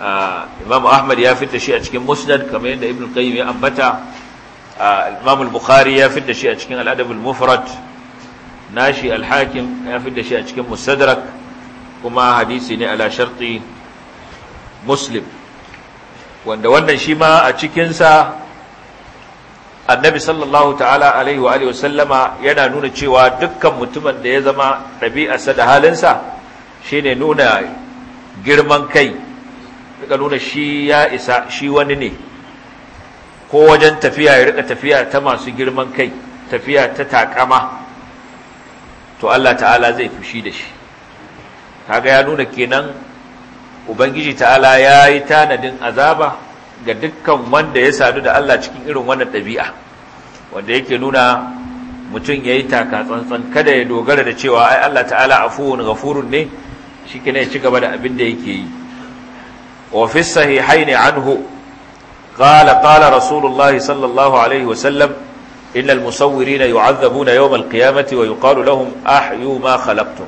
Speaker 2: ah, imam ahmad ya fita shi a cikin musnad kamar yadda ibn qayyim ya ambata imam al-bukhari ya fidda shi a cikin al al-mufrad nashi al-hakim ya fidda shi a cikin musadrak kuma hadisi ne ala sharti muslim wanda wannan shi ma a cikinsa annabi sallallahu ta'ala alaihi wa alihi wasallama yana nuna cewa dukkan mutumin da ya zama ɗabi'arsa da halinsa shine nuna girman kai daga nuna shi ya isa shi wani ne ko wajen tafiya ya rika tafiya ta masu girman kai tafiya ta takama to Allah ta'ala zai fushi da shi kaga ya nuna kenan ubangiji ta'ala ya yi tanadin azaba ga dukkan wanda ya sadu da Allah cikin irin wannan ɗabi'a wanda yake nuna mutum ya yi taka tsantsan kada ya dogara da cewa ai Allah ta'ala afuwun gafurun ne shi ne ya ci gaba da abin da yake yi wa fi sahihaini anhu قال قال رسول الله صلى الله عليه وسلم إن المصورين يعذبون يوم القيامة ويقال لهم أحيوا ما خلقتم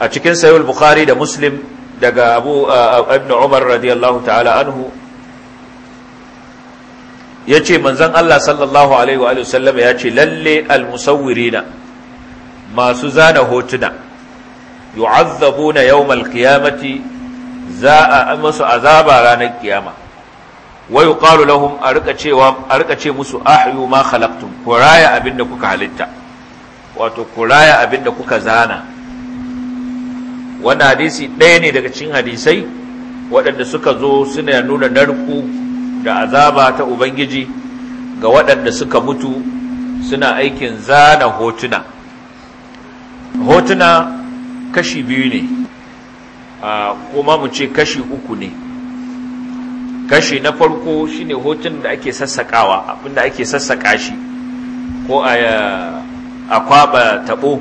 Speaker 2: أتكن سيو البخاري ده مسلم دقى أبو ابن عمر رضي الله تعالى عنه يأتي من زن الله صلى الله عليه وآله وسلم يأتي للي المصورين ما سزان هوتنا يعذبون يوم القيامة za a masu azaba ranar kiyama wai uƙaru lahum a rika ce musu ahyu ma khalaqtum ku abinda kuka halitta wato ku abinda kuka zana wannan hadisi ɗaya ne daga cikin hadisai waɗanda suka zo suna nuna narku da azaba ta ubangiji ga waɗanda suka mutu suna aikin zana hotuna hotuna kashi biyu ne kuma mu ce kashi uku ne kashi na farko shine hotun da ake sassakawa abinda ake sassaka shi ko a kwaba tabo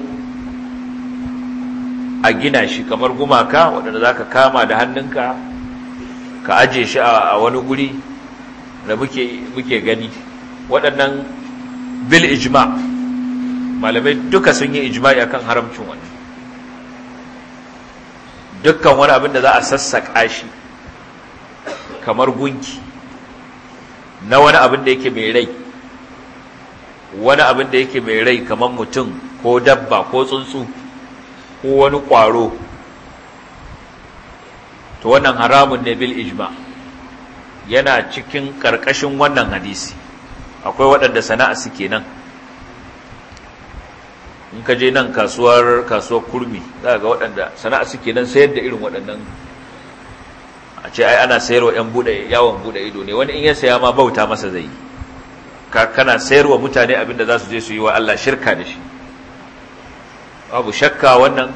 Speaker 2: a gina shi kamar gumaka waɗanda za ka kama da hannunka ka aje shi a wani guri da muke gani waɗannan bil ijma malamai duka sun yi ijma'i akan haramcin wannan dukkan wani abin da za a sassaƙa shi kamar gunki na wani abin da yake mai rai wani abin da yake mai rai kamar mutum ko dabba ko tsuntsu ko wani ƙwaro to wannan haramun ne bil ijma yana cikin ƙarƙashin wannan hadisi akwai waɗanda sana'a suke kenan nan in ka je nan kasuwar kasuwar kurmi za ga waɗanda sana'a suke nan sayar da irin waɗannan a ce ai ana sayar wa yan buɗe yawon buɗe ido ne wani in ya saya ma bauta masa zai yi ka sayar wa mutane abin da za su je su yi wa Allah shirka da shi babu shakka wannan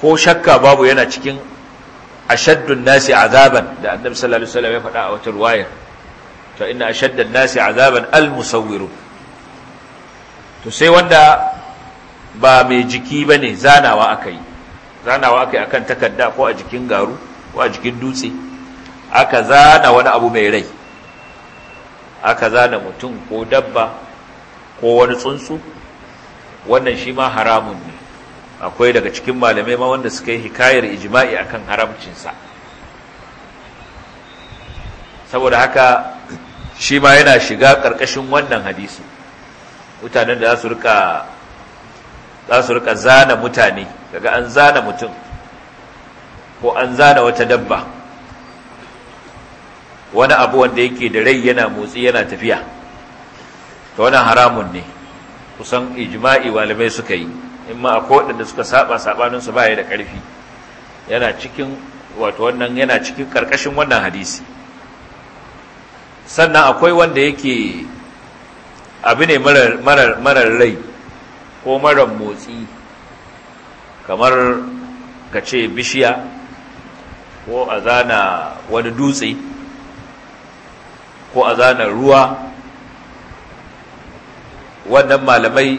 Speaker 2: ko shakka babu yana cikin ashaddun nasi azaban da annabi sallallahu alaihi wasallam ya faɗa a wata ruwaya to inna ashaddan nasi azaban al musawwiru to sai wanda ba mai jiki ba ne zanawa aka yi zanawa aka yi akan takarda ko a jikin garu ko a jikin dutse aka zana wani abu mai rai aka zana mutum ko dabba ko wani tsuntsu wannan shi ma haramun ne akwai daga cikin malamai ma wanda suka yi hikayar ijma'i akan haramcinsa saboda haka shi ma yana shiga ƙarƙashin wannan hadisi mutanen da za su rika za su rika zana mutane daga an zana mutum ko an zana wata dabba wani abu wanda yake da rai yana motsi yana tafiya ta wani haramun ne kusan ijma'i walimai suka yi in ma akwai da suka saba sabaninsu baya da ƙarfi yana cikin wato wannan yana cikin ƙarƙashin wannan hadisi sannan akwai wanda yake abu ne marar rai ko marar motsi kamar ka ce bishiya ko a zana wani dutse ko a zana ruwa wannan malamai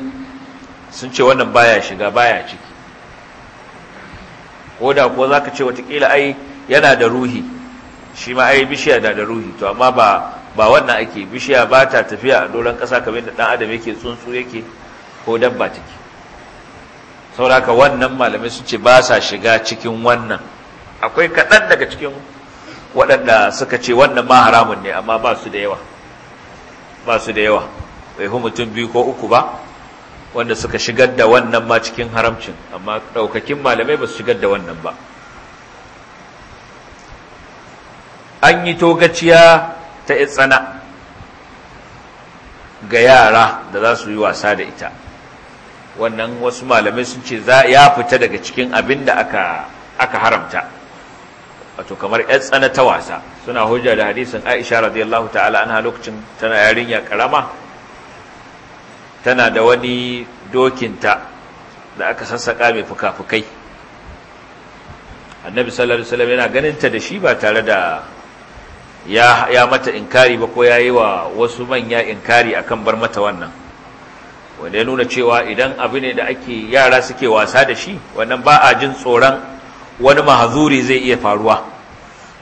Speaker 2: sun ce wannan baya shiga baya ciki ko da ko za ka ce watakila ai yana da ruhi shi ma ai bishiya na da ruhi to amma ba wannan ake bishiya ba ta tafiya a doron ƙasa kamar da ɗan adam yake tsuntsu yake ko dabba ciki sauraka wannan malamai sun ce ba sa shiga cikin wannan akwai kaɗan daga cikin waɗanda suka ce wannan ma haramun ne amma ba su da yawa ba su da yawa bai hu mutum biyu ko uku ba wanda suka shigar da wannan ma cikin haramcin amma ɗaukakin malamai ba su shigar da wannan ba an yi togaciya ta itsana ga yara da za su yi wasa da ita wannan wasu malamai sun ce za ya fita daga cikin abin da aka aka haramta wato kamar yan tsana ta wasa suna hujja da hadisin Aisha radiyallahu ta'ala anha lokacin tana yarinya karama tana da wani dokinta da aka sassaka mai fuka-fukai annabi sallallahu alaihi wasallam yana ta da shi ba tare da ya ya mata inkari ba ko yayi wa wasu manya inkari akan bar mata wannan wanda ya nuna cewa idan abu ne da ake yara suke wasa da shi wannan ba a jin tsoron wani mahazuri zai iya faruwa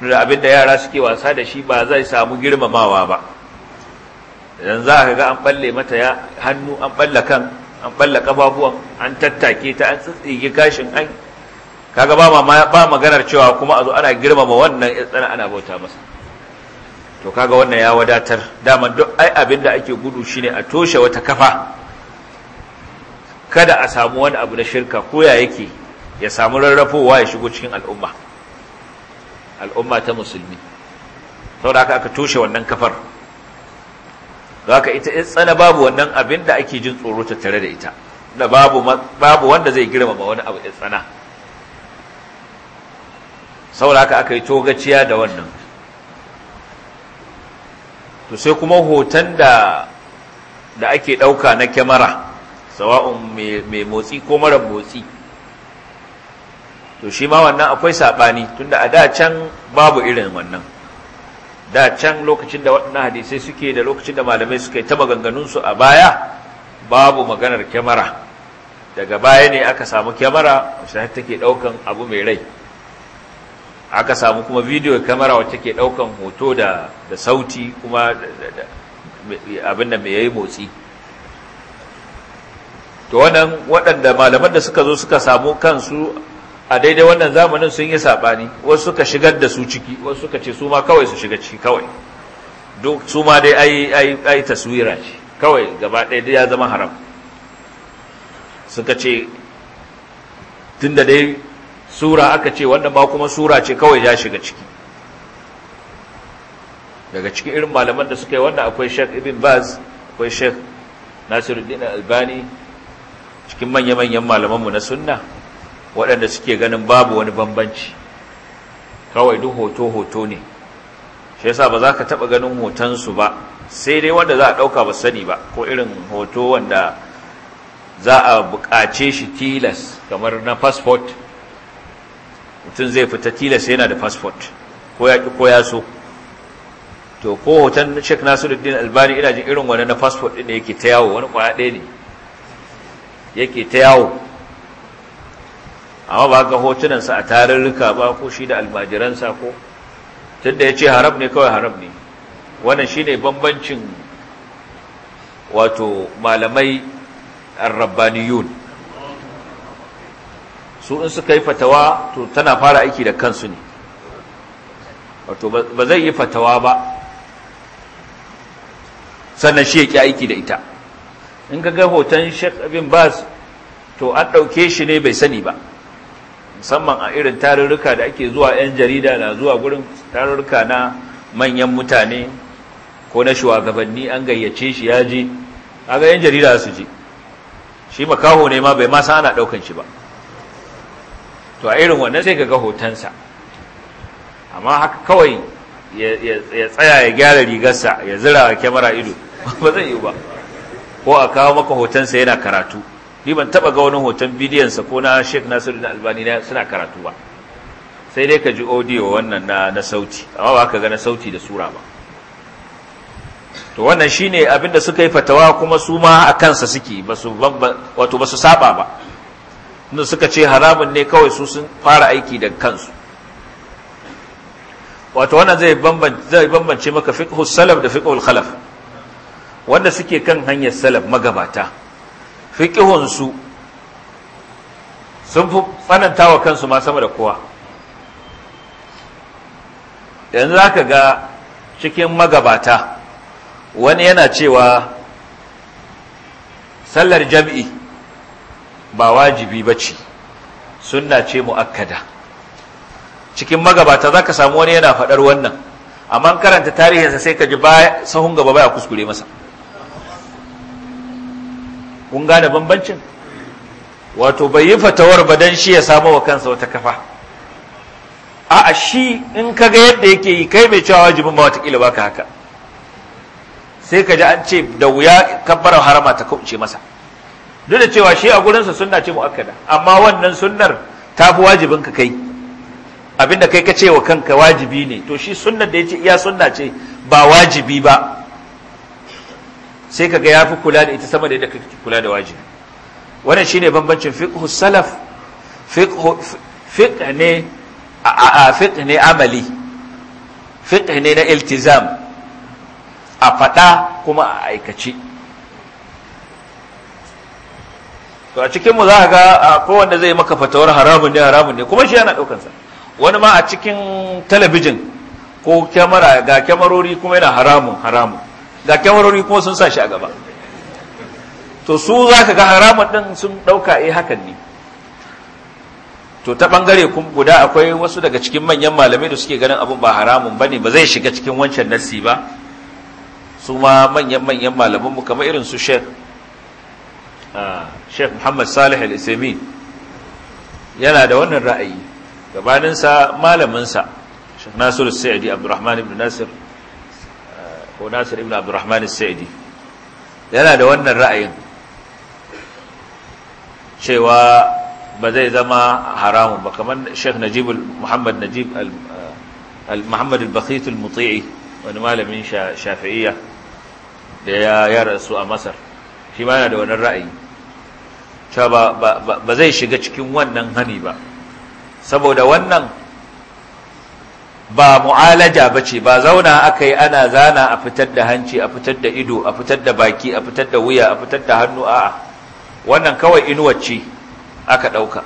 Speaker 2: da abin da yara suke wasa da shi ba zai samu girmamawa ba idan za ka ga an balle mata ya hannu an balla kan an balla kafafuwan an tattake ta an tsitsige gashin an kaga ba ba maganar cewa kuma a zo ana girmama wannan tsana ana bauta masa to kaga wannan ya wadatar daman duk ai abin da ake gudu shine a toshe wata kafa kada a samu wani abu na shirka ko ya yake ya samu rarrafowa ya shigo cikin al'umma al'umma ta musulmi saboda haka aka toshe wannan kafar ka ita in tsana babu wannan abin da ake jin tsoro ta tare da ita da babu babu wanda zai girmama wani abu in tsana saboda haka aka yi togaciya da wannan to sai kuma hoton da da ake ɗauka na kyamara sawa'un mai motsi ko mara motsi to shi ma wannan akwai saɓani tunda a da can babu irin wannan da can lokacin da waɗannan hadisai suke da lokacin da malamai suka yi ta maganganunsu a baya babu maganar kyamara daga baya ne aka samu kyamara wacce take ɗaukan abu mai rai aka samu kuma bidiyo kyamara wacce ke daukan hoto da da sauti kuma abin da mai yayi motsi to wannan waɗanda malaman da suka zo suka samu kansu a daidai wannan zamanin sun yi saɓani wasu suka shigar da su ciki wasu suka ce su ma kawai su shiga ciki kawai duk su ma dai ai ai taswira ce kawai gaba ɗaya dai ya zama haram suka ce tunda dai sura aka ce wannan ba kuma sura ce kawai ya shiga ciki daga cikin irin malaman da suka yi wannan akwai Sheikh Ibn Baz akwai Sheikh Nasiruddin Albani cikin manya-manyan malamanmu na sunna waɗanda suke ganin babu wani bambanci kawai duk hoto-hoto ne shi yasa ba za ka taɓa ganin hotonsu ba sai dai wanda za a ɗauka ba sani ba ko irin hoto wanda za a buƙace shi tilas kamar na fasfot mutum zai fita tilas yana da fasfot ko ya ƙi ko ya so to ko hoton shek Nasiruddin Albani ina jin irin wani na passport ɗin da yake ta yawo wani kwaya ɗaya ne yake ta yawo amma ba ga hotunansa a tarurruka ba ko shi da almajiransa ko tunda ya ce harab ne kawai harab ne wannan shi ne bambancin wato malamai arrabbaniyun su in suka yi fatawa to tana fara aiki da kansu ne wato ba zai yi fatawa ba sannan shi ya aiki da ita in ka ga hoton Sheikh bas to an ɗauke shi ne bai sani ba musamman a irin tarurruka da ake zuwa 'yan jarida na zuwa gurin tarurruka na manyan mutane ko na shugabanni an gayyace shi ya je aga 'yan jarida su je shi makaho ne ma bai masa ana ɗaukan shi ba to a irin wannan sai ka ga hotonsa amma haka kawai ya tsaya ya gyara rigarsa ya zira kyamara ido ba zai yi ba ko a kawo maka hotonsa yana karatu ni ban taba ga wani hoton sa ko na Sheikh Nasiruddin Albani na suna karatu ba sai dai ka ji audio wannan na na sauti amma ba ka ga na sauti da sura ba to wannan shine abinda suka yi fatawa kuma su ma a kansa suke ba wato ba su saba ba inda suka ce haramun ne kawai su sun fara aiki da kansu wato wannan zai bambance maka fiqhus salaf da fiqhul khalaf wanda suke kan hanyar salaf magabata fiƙihunsu sun fi tsananta wa kansu ma sama da kowa yanzu za ka ga cikin magabata wani yana cewa sallar jam'i ba wajibi ba ce suna ce mu'akkada cikin magabata za ka samu wani yana faɗar wannan amma karanta tarihinsa sai ka ji sahun gaba baya kuskure masa kun gane bambancin wato bai yi fatawar ba dan shi ya samu wa kansa wata kafa 'a shi in kaga yadda yake yi kai mai cewa wajibin ba watakila ka haka sai ka ji an ce da wuya kabbarar harama ta kauce masa duk da cewa shi a gurinsa sunna ce akada. amma wannan sunnar ta fi wajibin ka kai abinda kai ka ce wa kanka wajibi ne to shi sunnar da ya ce iya sunna ce ba wajibi ba sai kaga fi kula da ita sama da yadda ka kula da wajibi wannan shi ne bambancin fiqhu salaf fiqhu fiqh ne a fiqh ne amali fiqh ne na iltizam a faɗa kuma a aikace to a cikin mu za ka ga kowanne zai maka fatawar haramun ne haramun ne kuma shi yana ɗaukansa. wani ma a cikin talabijin ko kyamara ga kyamarori kuma yana haramun haramun ga kyawarori kuma sun sa shi a gaba to su za ka ga haramun ɗin sun ɗauka a eh, hakan ne to ta ɓangare guda akwai wasu daga cikin manyan malamai da suke ganin abin ba haramun ba ne ba zai shiga cikin wancan nasi ba su ma manyan-manyan malamanmu kamar irin su sheikh ah, muhammad salih al-isamin yana da wannan ra'ayi gabaninsa malaminsa sheikh nasiru sa'adi abdurrahman ibn nasir ko nasir ibn abdurrahman sa'idi yana da wannan ra'ayin cewa ba zai zama haramun ba kamar sheikh najib muhammad najib al-muhammad uh, al-bakhit al-muti'i wani malamin shafi'iyya da ya yara su a masar shi ma yana da wannan ra'ayi cewa ba zai shiga cikin wannan hani ba saboda wannan ba mu'alaja ba ce ba zauna aka yi ana zana a fitar da hanci a fitar da ido a fitar da baki a fitar da wuya a fitar da hannu a'a wannan kawai inuwar ce aka ɗauka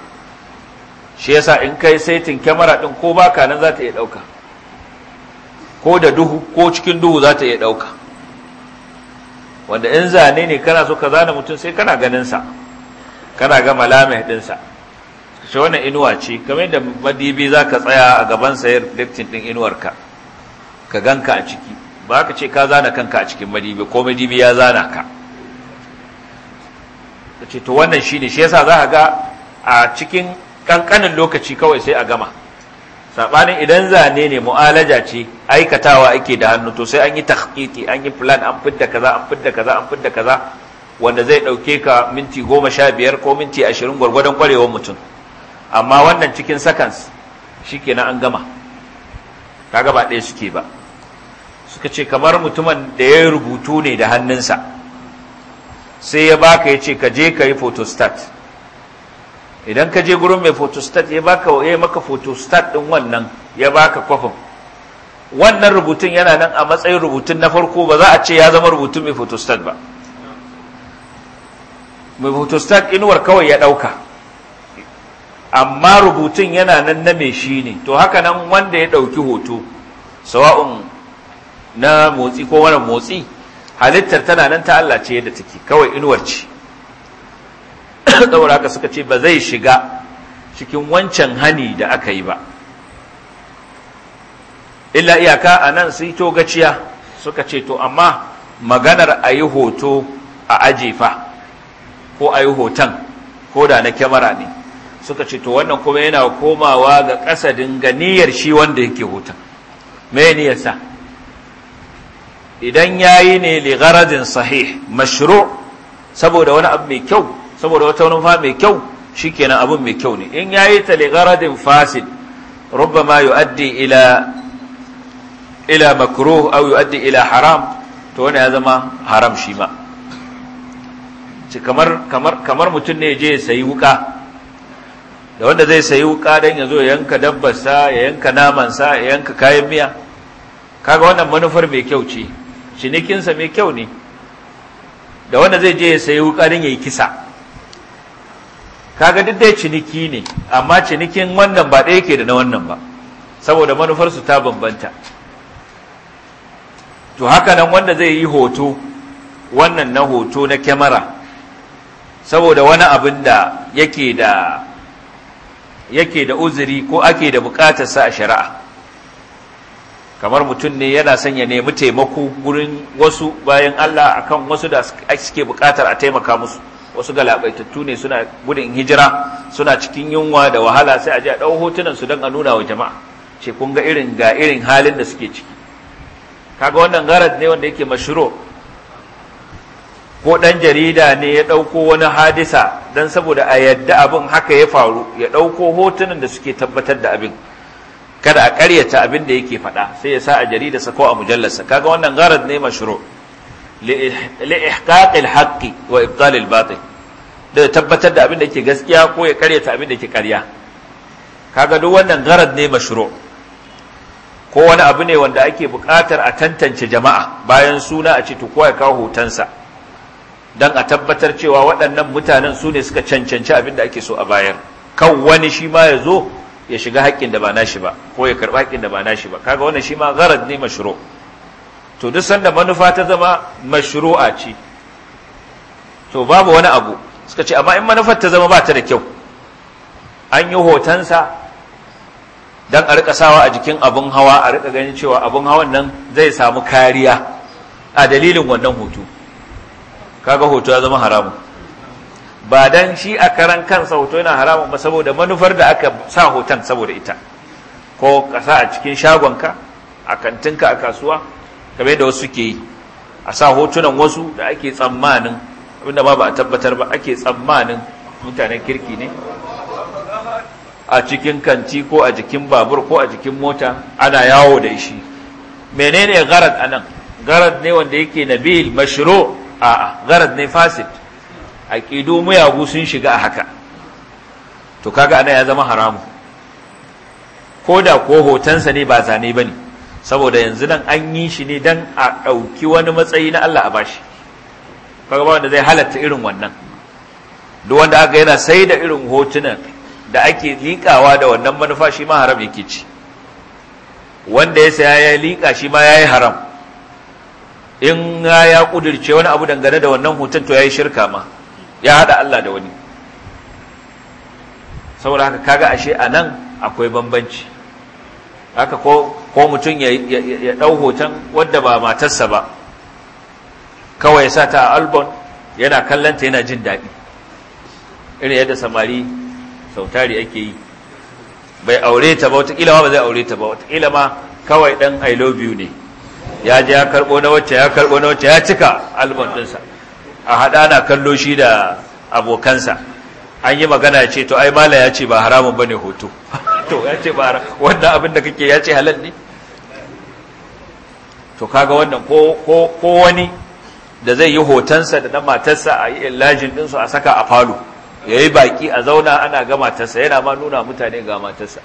Speaker 2: shi yasa in kai saitin kyamara ɗin ko baka nan za ta iya ɗauka ko da duhu ko cikin duhu za ta iya ɗauka wanda in zane ne kana so ka zana mutum sai kana ganinsa kana ga malamai ɗinsa shi wannan inuwa ce kamar da madibi za ka tsaya a gaban sayar liftin ɗin inuwarka ka ganka a ciki ba ka ce ka zana kanka a cikin madibi ko madibi ya zana ka ta ce to wannan shi ne shi yasa za a ga a cikin ƙanƙanin lokaci kawai sai a gama saɓanin idan zane ne mu'alaja ce aikatawa ake da hannu to sai an yi tahqiqi an yi plan an fidda kaza an fidda kaza an fidda kaza wanda zai ɗauke ka minti goma sha biyar ko minti ashirin gwargwadon ƙwarewar mutum amma wannan cikin seconds na an gama kaga ba ɗaya suke ba suka ce kamar mutumin da ya rubutu ne da hannunsa sai ya baka ya ce ka je ka yi photostat idan ka je gurin mai photostat ya baka ya maka photostat din wannan ya baka kwafin wannan rubutun yana nan a matsayin rubutun na farko ba za a ce ya zama rubutun mai photostat ba mai photostat inuwar kawai ya ɗauka amma rubutun yana nan na mai shi ne to haka nan wanda ya ɗauki hoto sawa'un na motsi ko wani motsi halittar tana nan ta Allah ce yadda take kawai inuwar ce saboda haka suka ce ba zai shiga cikin wancan hani da aka yi ba illa iyaka a nan sai to gaciya suka ce to amma maganar a yi hoto a ajefa ko a yi hoton ko da na kyamara ne suka ce to wannan kuma yana komawa ga kasadin ganiyar shi wanda yake hutun me yasa idan yayi ne li gharadin sahih mashru saboda wani abu mai kyau saboda wata nufa mai kyau shikenan abun mai kyau ne in yayi ta li gharadin fasid rubbama yuaddi ila ila makruh aw yuaddi ila haram, to wani ya zama haram shi ma kamar kamar kamar mutum ne je ya sayi wuka da wanda zai sayi wuka don ya zo ya yanka dabbarsa ya yanka namansa ya yanka kayan miya kaga wannan manufar mai kyau ce cinikinsa mai kyau ne da wanda zai je ya sayi wuka don ya yi kisa kaga duk dai ciniki ne amma cinikin wannan ba ɗaya ke da na wannan ba saboda manufarsu ta bambanta to haka nan wanda zai yi hoto wannan na hoto na kyamara saboda wani abin da yake da yake da uzuri ko ake da bukatarsa a shari'a kamar mutum ne yana son ya nemi taimako gurin wasu bayan Allah akan wasu da suke bukatar a taimaka musu wasu galabaitattu ne suna gudun hijira suna cikin yunwa da wahala sai a ji a ɗau hotunan su don a nuna wa jama'a ce kun ga irin ga irin halin da suke ciki kaga wannan garad ne wanda yake mashuro ko ɗan jarida ne ya ɗauko wani hadisa don saboda a yadda abin haka ya faru ya ɗauko hotunan da suke tabbatar da abin kada a ƙaryata abin da yake faɗa sai ya sa a jarida sa ko a mujallarsa kaga wannan garad ne mashru li ihqaqil haqqi wa ibtalil batil da tabbatar da abin da yake gaskiya ko ya ƙaryata abin da yake ƙarya kaga duk wannan garad ne mashru ko wani abu ne wanda ake buƙatar a tantance jama'a bayan suna a ce to kowa ya kawo hotonsa don a tabbatar cewa waɗannan mutanen su ne suka cancanci abin da ake so a bayar kan wani shi ma ya zo ya shiga haƙƙin da ba nashi ba ko ya karɓi haƙƙin da ba nashi ba kaga wannan shi ma gharad ne mashru to duk sanda manufa ta zama mashru'a ce to babu wani abu suka ce amma in manufar ta zama ba ta da kyau an yi hotonsa don a rika sawa a jikin abin hawa a rika ganin cewa abin hawan nan zai samu kariya a dalilin wannan hoto kaga hoto ya zama haramun ba dan shi a karan kansa hoto yana haramun ba saboda manufar da aka sa hoton saboda ita ko ka sa a cikin shagonka a kantinka a kasuwa kamar yadda wasu ke yi a sa hotunan wasu da ake tsammanin abinda ba ba a tabbatar ba ake tsammanin mutanen kirki ne a cikin kanti ko a jikin babur ko a jikin mota ana yawo da shi menene garad anan garad ne wanda yake nabil mashru' a'a garad ne fasid ƙido muyagu sun shiga a haka to kaga ana ya zama haramu ko da ko hotonsa ne ba zane ba ne, saboda yanzu nan an yi shi ne don a ɗauki wani matsayi na Allah a bashi kaga ba wanda zai halatta irin wannan duk wanda aka yana sai da irin hotunan da ake liƙawa da wannan manufa shi ma haram yake ci wanda ya saya ya liƙa shi ma ya yi haram in ya kudirce wani abu dangane da wannan hoton to ya yi shirka ma ya haɗa Allah da wani saboda haka kaga ashe a nan akwai bambanci haka ko mutum ya ɗau hoton wadda ba matarsa ba kawai ya sa ta a albon yana kallanta yana jin daɗi irin yadda samari sautari ake yi bai aure ta ba watakila ba zai aure ta ba watakila ma kawai ɗan i love you ne ya je ya karbo na wacce ya karbo na wacce ya cika albon ɗinsa a haɗa na kallo shi da abokansa an yi magana ya ce to ai mala ya ce ba haramun ba ne hoto to ya ce ba wannan abin da kake ya ce halal ne to kaga wannan ko wani da zai yi hotonsa da na matarsa a yi illajin ɗinsu a saka a falo ya yi baƙi a zauna ana ga matarsa yana ma nuna mutane ga matarsa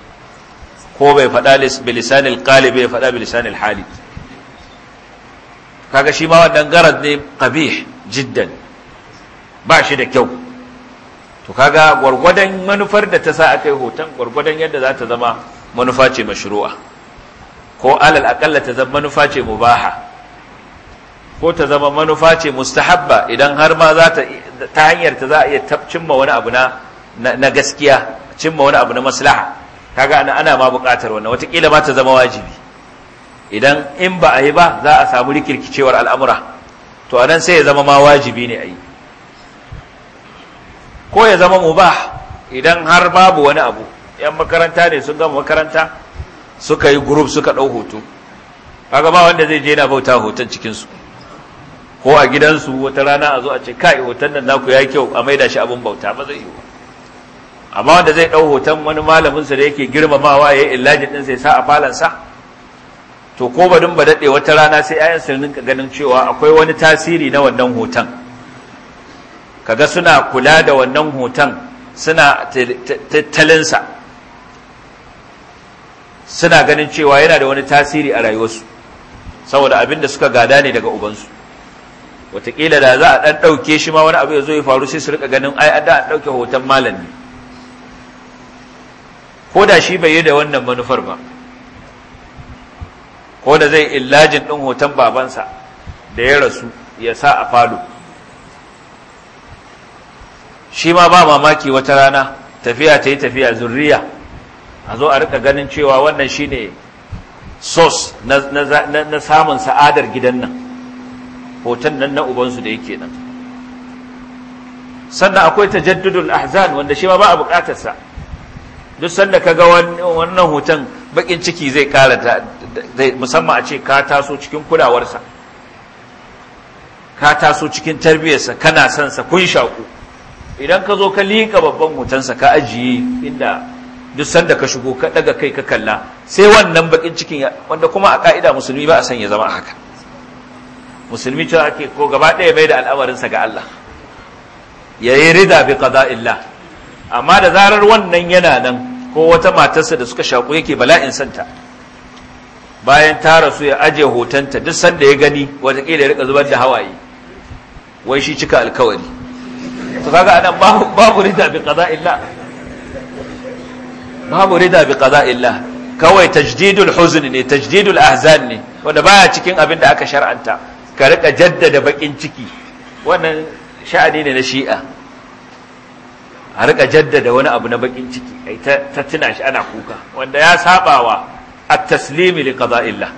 Speaker 2: ko bai faɗa bilisanil ƙali bai faɗa bilisanil hali kaga shi ma wannan garad ne qabih jiddan ba shi da kyau to kaga gwargwadon manufar da ta sa aka yi hoton gwargwadon yadda za ta zama manufa ce mashru'a ko alal aqalla ta zama manufa ce mubaha ko ta zama manufa ce mustahabba idan har ma za ta ta hanyar ta za a iya cimma wani abu na na gaskiya cimma wani abu na maslaha kaga ana ana ma buƙatar wannan wataƙila ma ta zama wajibi idan in ba a yi ba za a samu rikirkicewar al'amura to a nan sai ya zama ma wajibi ne a yi ko ya zama mu ba, idan har babu wani abu yan makaranta ne sun gama makaranta suka yi group suka ɗau hoto kaga ba wanda zai je na bauta hoton cikinsu ko a gidansu wata rana a zo a ce kai hoton nan naku ya kyau a maida shi abin bauta ba zai yi ba amma wanda zai ɗau hoton wani malaminsa da yake girmamawa ya yi illajin ɗinsa ya sa a falansa to ko ba badin ba daɗe wata rana sai 'ya'yan su rinka ganin cewa akwai wani tasiri na wannan hoton kaga suna kula da wannan hoton suna tattalinsa suna ganin cewa yana da wani tasiri a rayuwarsu saboda abin da suka gada ne daga ubansu wataƙila da za a ɗan ɗauke shi ma wani abu ya zo ya faru sai su rika ganin ai an ɗauke hoton malam ne ko da shi bai yi da wannan manufar ba ko da zai illajin ɗin hoton babansa da ya rasu ya sa a falo shi ma ba mamaki wata rana tafiya ta yi tafiya zurriya a zo a rika ganin cewa wannan shi ne sos na samun sa'adar gidan nan hoton nan na ubansu da yake nan sannan akwai tajaddudul ahzan wanda shi ma ba a bukatarsa duk sanda ga wannan hoton bakin ciki zai kara musamman a ce ka taso cikin kulawarsa ka taso cikin tarbiyyarsa kana son sa kun shaku idan ka zo ka liƙa babban mutansa ka ajiye inda duk sanda ka shigo ka daga kai ka kalla sai wannan bakin cikin wanda kuma a ka'ida musulmi ba a san ya zama haka musulmi cewa ake ko gaba ɗaya mai da al'amarinsa ga Allah ya yi rida bi illa amma da zarar wannan yana nan ko wata matarsa da suka shaku yake bala'in santa bayan ta rasu ya aje hotonta duk sanda ya gani watakila ya rika zubar da hawaye wai shi cika alkawari to kaga anan babu rida bi qada'illah babu rida bi qada'illah kawai tajdidul huzn ne tajdidul ahzan ne wanda baya cikin abin da aka shar'anta ka rika jaddada bakin ciki wannan sha'ani ne na shi'a a rika jaddada wani abu na bakin ciki ai ta tuna shi ana kuka wanda ya sabawa at-taslimi li qada'illah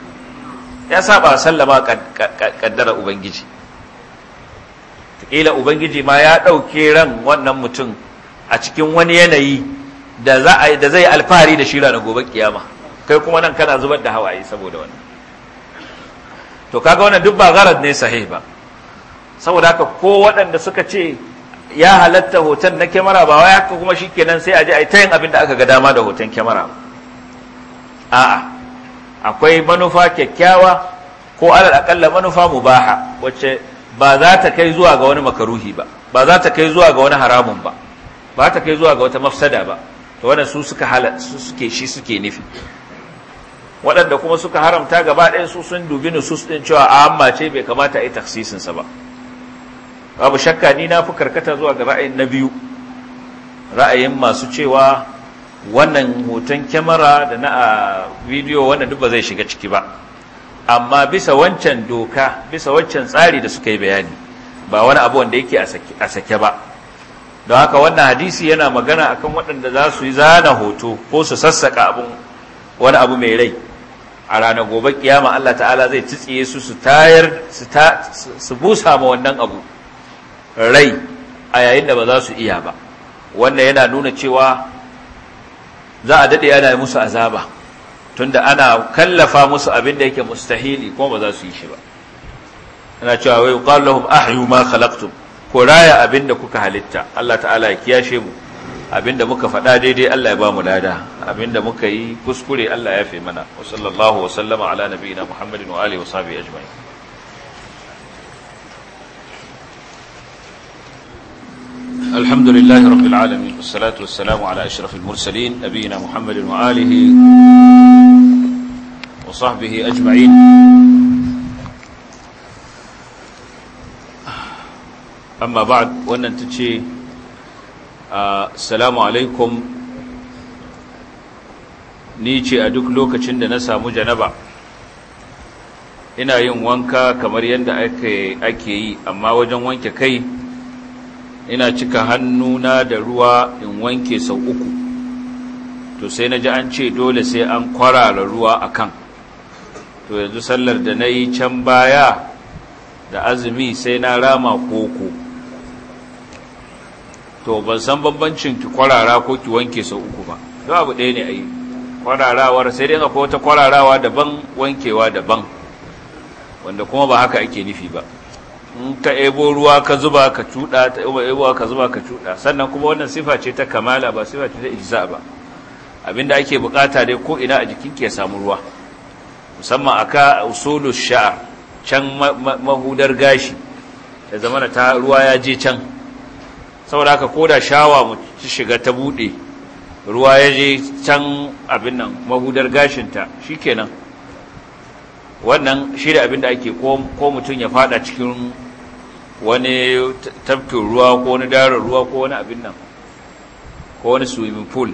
Speaker 2: ya saba sallama kaddara ubangiji kila ubangiji ma ya dauke ran wannan mutum a cikin wani yanayi da za a zai alfahari da shira na gobe kiyama kai kuma nan kana zubar da hawaye saboda wannan to kaga wannan duk ba gharad ne sahih ba saboda haka ko waɗanda suka ce ya halatta hoton na kyamara ba wai haka kuma shikenan sai a je a yi ta yin abin da aka ga dama da hoton kyamara ba a'a akwai manufa kyakkyawa ko alal akalla manufa mubaha wacce ba za ta kai zuwa ga wani makaruhi ba ba za ta kai zuwa ga wani haramun ba ba ta kai zuwa ga wata mafsada ba to wannan su suka hala su suke shi suke nufi waɗanda kuma suka haramta gaba ɗaya su sun dubi nusus ɗin cewa amma ce bai kamata a yi taksisinsa ba babu shakka ni na fi karkata zuwa ga ra'ayin na biyu ra'ayin masu cewa wannan hoton kyamara da na a bidiyo wannan duk ba zai shiga ciki ba amma bisa wancan doka bisa wancan tsari da suka yi bayani ba wani abu wanda yake a sake ba don haka wannan hadisi yana magana akan waɗanda za su yi zana hoto ko su sassaka abun wani abu mai rai a ranar gobe kiyama Allah ta'ala zai tsitsiye su su tayar su busa ma wannan abu rai a yayin da ba za su iya ba wannan yana nuna cewa za a daɗe ana musu azaba tunda ana kallafa musu abin da yake mustahili kuma ba za su yi shi ba ana cewa wai yuqalu ahyu ma khalaqtum ko raya abin da kuka halitta Allah ta'ala ya kiyashe mu abin da muka faɗa daidai Allah ya ba mu lada abin da muka yi kuskure Allah ya fi mana wa sallallahu wa sallama ala nabiyina Muhammadin wa alihi wa sahbihi ajma'in الحمد لله رب العالمين والصلاة والسلام على أشرف المرسلين نبينا محمد وآله وصحبه أجمعين أما بعد وأن تجي السلام عليكم نيجي أدوك لوكا تشند نسا مجنبا ina yin wanka kamar yadda ake yi amma wajen wanke kai ina cika hannuna da ruwa in wanke sau uku to sai na ji an ce dole sai an kwarara ruwa a kan to yanzu sallar da na yi can baya da azumi sai na rama koko to ban san bambancin ki kwarara ko ki wanke sau uku ba don abu ɗaya ne a yi kwararawar sai dai akwai wata kwararawa daban wankewa daban wanda kuma ba haka ake nufi ba in ka ebo ruwa ka zuba ka cuda ta ebo ka zuba ka cuɗa sannan kuma wannan sifa ce ta kamala ba sifa ce ta ijza ba abinda ake bukata dai ko ina a jikinki ya samu ruwa musamman aka usulu sha'a can mahudar gashi da zamana ta ruwa ya je can saboda haka koda shawa mu shiga ta bude ruwa ya je can abin nan mahudar gashinta shikenan wannan shi da abin da ake ko mutum ya fada cikin wani tafkin ruwa ko wani darar ruwa ko wani abin nan ko wani swimming pool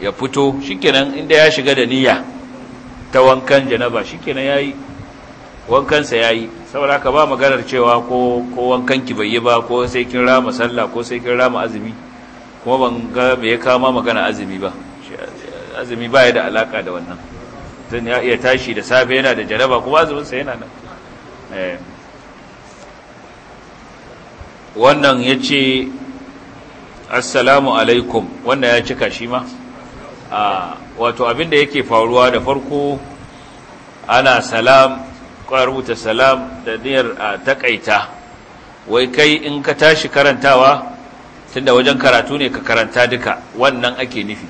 Speaker 2: ya fito shikenan inda ya shiga da niyya ta wankan janaba shikenan yayi wankansa yayi saboda ka ba maganar cewa ko ko wankan ki bai yi ba ko sai kin rama sallah ko sai kin rama azumi kuma ban ga me ya kama magana azumi ba azumi ba ya da alaka da wannan tun ya iya tashi da safe yana da janaba kuma azumin sa yana nan eh wannan ya ce assalamu alaikum wannan ya cika shi ma wato abinda yake faruwa da farko ana salam rubuta salam da niyyar a takaita wai kai in ka tashi karantawa tunda wajen karatu ne ka karanta duka wannan ake nufi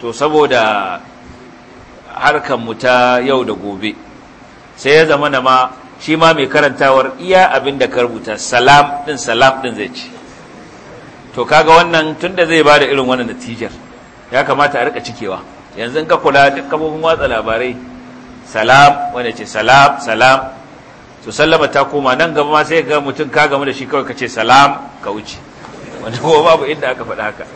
Speaker 2: to saboda harkar mu ta yau da gobe sai ya zama na ma shi ma mai karantawar iya abin da ka rubuta salam din salam din zai ci to kaga wannan tunda zai bada irin wannan natijar ya kamata a rika cikewa yanzu ka kula duk kafofin watsa labarai salam wanda ce salam salam to sallama ta koma nan gaba ma sai ga mutum ka gamu da shi kawai ka ce salam ka wuce wanda kuma babu inda aka faɗa haka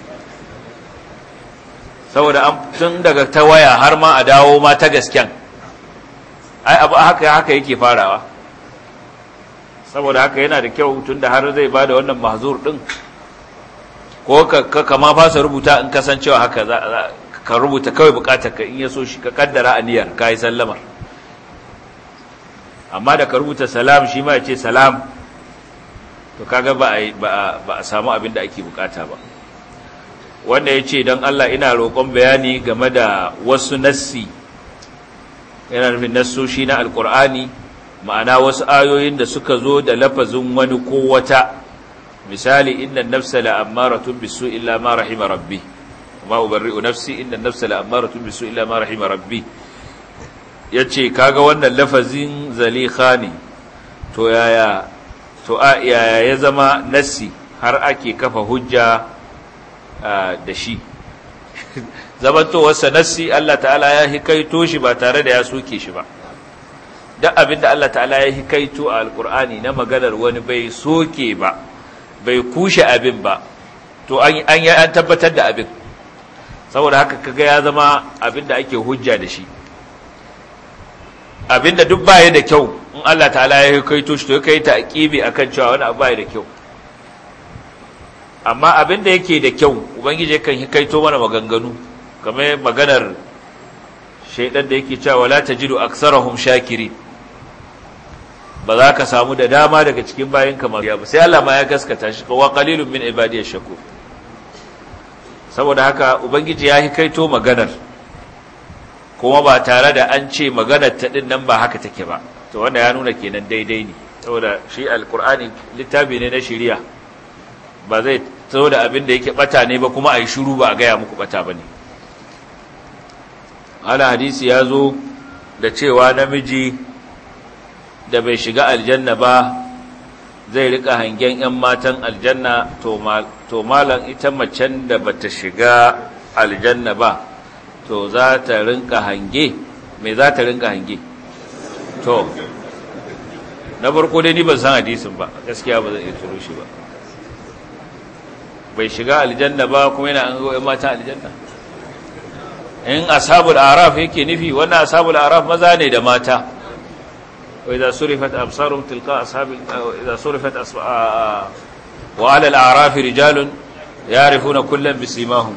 Speaker 2: saboda tun daga ta waya har ma a dawo ma ta gasken ai abu haka haka yake farawa saboda haka yana da kyau tun da har zai bada wannan mahzur din ko ka kama fasa rubuta in kasancewa haka ka rubuta kawai bukatar ka in yaso shi ka kaddara niyyar ka yi sallama amma da ka rubuta salam shi ma ya ce salam to kaga ba a samu abin da ake bukata ba wanda ya ce don Allah ina roƙon bayani game da wasu nassi yana nufin nassoshi na alƙur'ani ma'ana wasu ayoyin da suka zo da lafazin wani ko wata misali inna nafsa la'ammaratun bisu illa ma rahima rabbi ma ubarri'u nafsi inna nafsa la'ammaratun bisu illa ma rahima rabbi ya ce kaga wannan lafazin zalikha ne to yaya to a yaya ya zama nassi har ake kafa hujja da shi zamantowarsa nassi Allah ta'ala ya hikaito shi ba tare da ya soke shi ba da abin da Allah ta'ala ya hikaito a alkur'ani na maganar wani bai soke ba bai kushe abin ba to an an tabbatar da abin saboda haka kaga ya zama abin da ake hujja da shi abin da duk baya da kyau in Allah ta'ala ya hikaito shi to ya kai taqibi akan cewa wani abu da kyau amma abin da yake da kyau ubangiji kan hikaito mana maganganu kamar maganar shaidan da yake cewa la tajidu aktsarahum shakirin ba za ka samu da dama daga cikin bayan kamar ya ba sai Allah ma ya gaskata shi wa kalilun min ibadiy shaku saboda haka ubangiji ya kaito maganar kuma ba tare da an ce maganar ta ɗin nan ba haka take ba to wanda ya nuna kenan daidai ne saboda shi Alƙur'ani littafi ne na shirya ba zai zo da abin da yake bata ne ba kuma yi shiru ba a gaya muku bata bane ala hadisi ya zo da cewa namiji da bai shiga aljanna ba zai rika hangen 'yan matan aljanna to malam ita macen da bata shiga aljanna ba to za ta rinka hange mai za ta rinka hange to na farko dai ni ban san hadisin ba gaskiya ba zan iya turo shi ba bai shiga aljanna ba kuma yana an goyon mata aljanna in ashabul araf yake nufi wannan ashabul araf maza ne da mata وإذا صرفت أبصارهم تلقاء أصحاب إذا صرفت أص... وعلى الأعراف رجال يعرفون كلا بسيماهم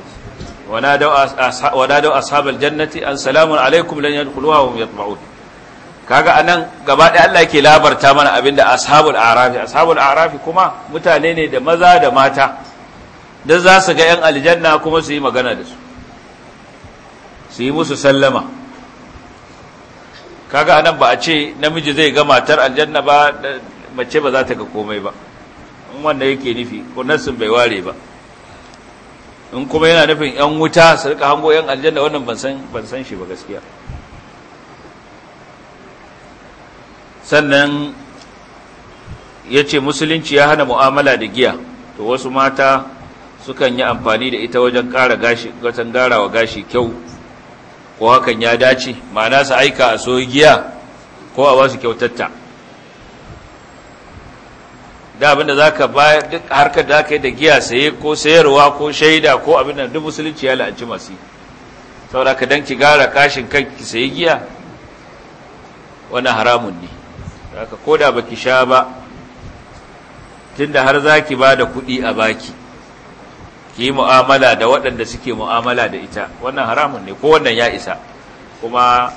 Speaker 2: ونادوا أصحاب, الجنة أن سلام عليكم لن يدخلوها وهم يطمعون kaga anan gaba ɗaya Allah yake labarta mana abinda ashabul a'rafi ashabul a'rafi kuma mutane ne da maza da mata da zasu ga yan aljanna kuma suyi magana da suyi musu sallama kaga anan ba a ce namiji zai ga matar aljanna ba mace ba za ta ga komai ba in wanda yake nufi ko nassin bai ware ba in kuma yana nufin yan wuta su rika hango yan aljanna wannan ban san ban san shi ba gaskiya sannan yace musulunci ya hana mu'amala da giya to wasu mata sukan yi amfani da ita wajen ƙara gashi garawa gashi kyau ko hakan ya dace ma'ana su aika a soyigiya ko a wasu kyautatta da abinda za ka ba duk harkar da aka yi da giya saye ko sayarwa ko shaida ko abinda duk musulunci ya la'anci masu saboda ka don ki gara kashin kan ki sayi giya wani haramun ne da ka koda baki sha ba tunda har za ki ba da kuɗi a baki ki mu'amala da waɗanda suke mu'amala da ita wannan haramun ne ko wannan ya isa kuma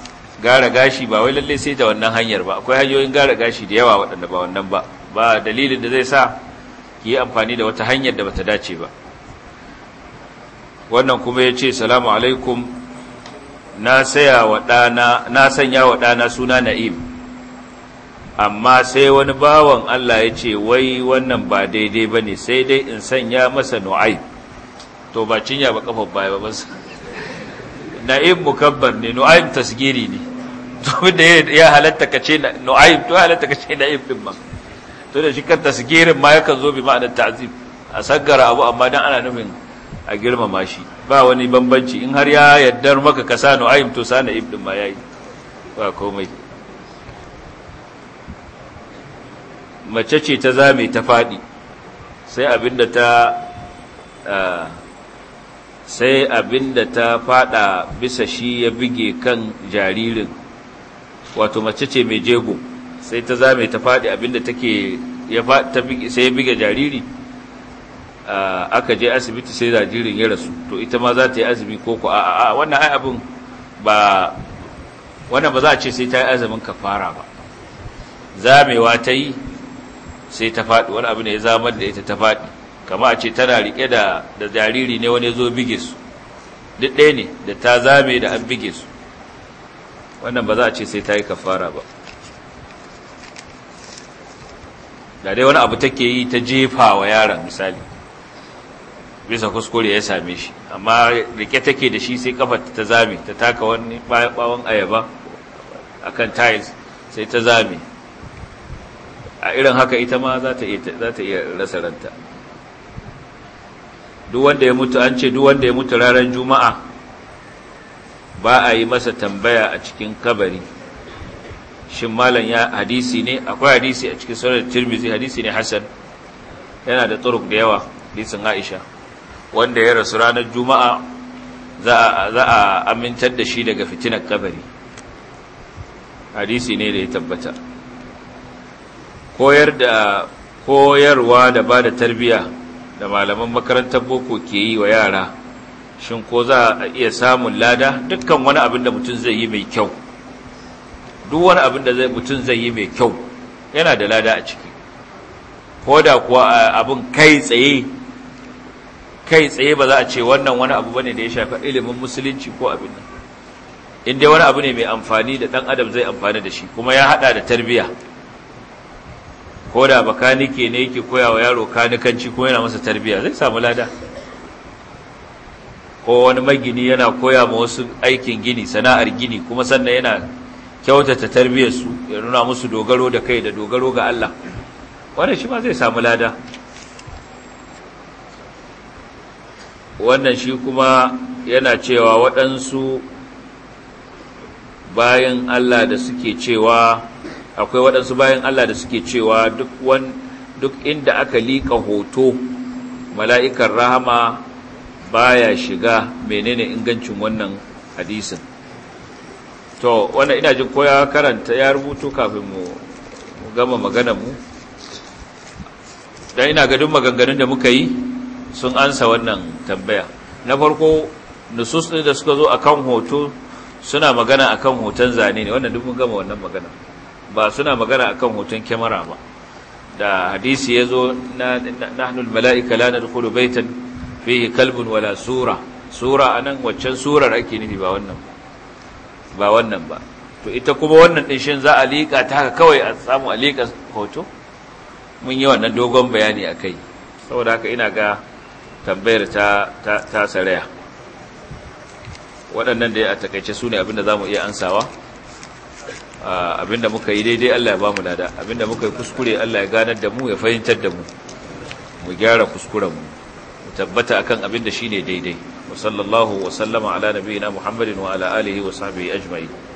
Speaker 2: gara gashi ba wai lalle sai da wannan hanyar ba akwai hanyoyin gara gashi da yawa waɗanda ba wannan ba ba dalilin da zai sa ki yi amfani da wata hanyar da bata dace ba wannan kuma ya ce salamu alaikum na na sanya wa ɗana suna na'im amma sai wani bawan Allah ya ce wai wannan ba daidai ba ne sai dai in sanya masa nu'aib to ba cinya ba kafar baya ba bas na'im mukabbar ne nu'aim tasgiri ne to da ya halatta ka ce nu'aim to halatta kace na'im din ma to da shi kan tasgirin ma yakan zo bi ma'ana ta'zim a saggara abu amma dan ana nufin a girmama shi ba wani bambanci in har ya yadda maka ka sa nu'aim to sa na'im din ma yayi ba komai mace ce ta zame ta fadi sai abinda ta ah, sai abin da ta fada bisa shi ya bige kan jaririn wato mace ce mai jego sai ta zame ta fadi abin da take ya sai ya bige jariri aka je asibiti sai jaririn ya rasu to ita ma za ta yi azumi ko ko a'a wannan ai abin ba wannan ba za a ce sai ta yi azumin kafara ba zamewa ta yi sai ta faɗi wani abu ne ya zama da ita ta faɗi kama a ce tana riƙe da da jariri ne wani zo bige su duk ɗaya ne da ta zame da an bige su wannan ba za a ce sai ta yi kafara ba da dai wani abu take yi ta jefa wa yaron misali bisa kuskure ya same shi amma rike take da shi sai kafa ta zame ta taka wani bawon ayaba a kan tiles sai ta zame a irin haka ita ma za ta iya rasa ranta duk wanda ya mutu an ce duk wanda ya mutu ranar juma'a ba a yi masa tambaya a cikin kabari shin malam ya hadisi ne akwai hadisi a cikin sunan tirmizi hadisi ne hasan yana da turuk da yawa hadisin aisha wanda ya rasu ranar juma'a za a amintar da shi daga fitinar kabari hadisi ne da ya tabbata koyar da koyarwa da ba da tarbiyya da malaman makarantar boko ke yi wa yara shin ko za a iya samun lada dukkan wani abin da mutum zai yi mai kyau duk wani abin da mutum zai yi mai kyau yana da lada a ciki ko da kuwa abin kai tsaye kai tsaye ba za a ce wannan wani abu bane da ya shafi ilimin musulunci ko abin nan in dai wani abu ne mai amfani da ɗan adam zai amfani da shi kuma ya haɗa da tarbiyya ko da bakanike ne yake koya wa yaro kanikanci ko yana masa tarbiya zai samu lada ko wani magini yana koya ma wasu aikin gini sana'ar gini kuma sannan yana kyautata tarbiyarsu ya nuna musu dogaro da kai da dogaro ga Allah wannan shi ma zai samu lada wannan shi kuma yana cewa waɗansu bayan Allah da suke cewa akwai waɗansu bayan Allah da suke cewa duk inda aka liƙa hoto mala'ikan rahama baya shiga menene ingancin wannan hadisin to wannan ina jin koya karanta ya rubutu kafin mu gama magana mu don ina gadin maganganun da muka yi sun ansa wannan tambaya na farko nusus da suka zo akan hoto suna magana akan hoton zane ne wannan duk mun gama wannan magana ba suna magana akan hoton kyamara ba da hadisi ya zo na nahnul mala'ika la nadkhulu baitan fihi kalbun wala sura sura anan waccan surar ake nufi ba wannan ba wannan ba to ita kuma wannan din shin za a liƙa ta haka kawai a samu a liƙa hoto mun yi wannan dogon bayani akai saboda haka ina ga tambayar ta ta, waɗannan da ya a takaice su ne abinda za mu iya ansawa Ah, abinda muka yi daidai Allah ya ba mu lada abinda muka yi kuskure Allah ya ganar da mu ya fahimtar da mu mu gyara kuskuren mu tabbata akan abinda shine daidai wa sallallahu wa sallama ala nabiyina muhammadin wa ala alihi wa sahbihi ajma'in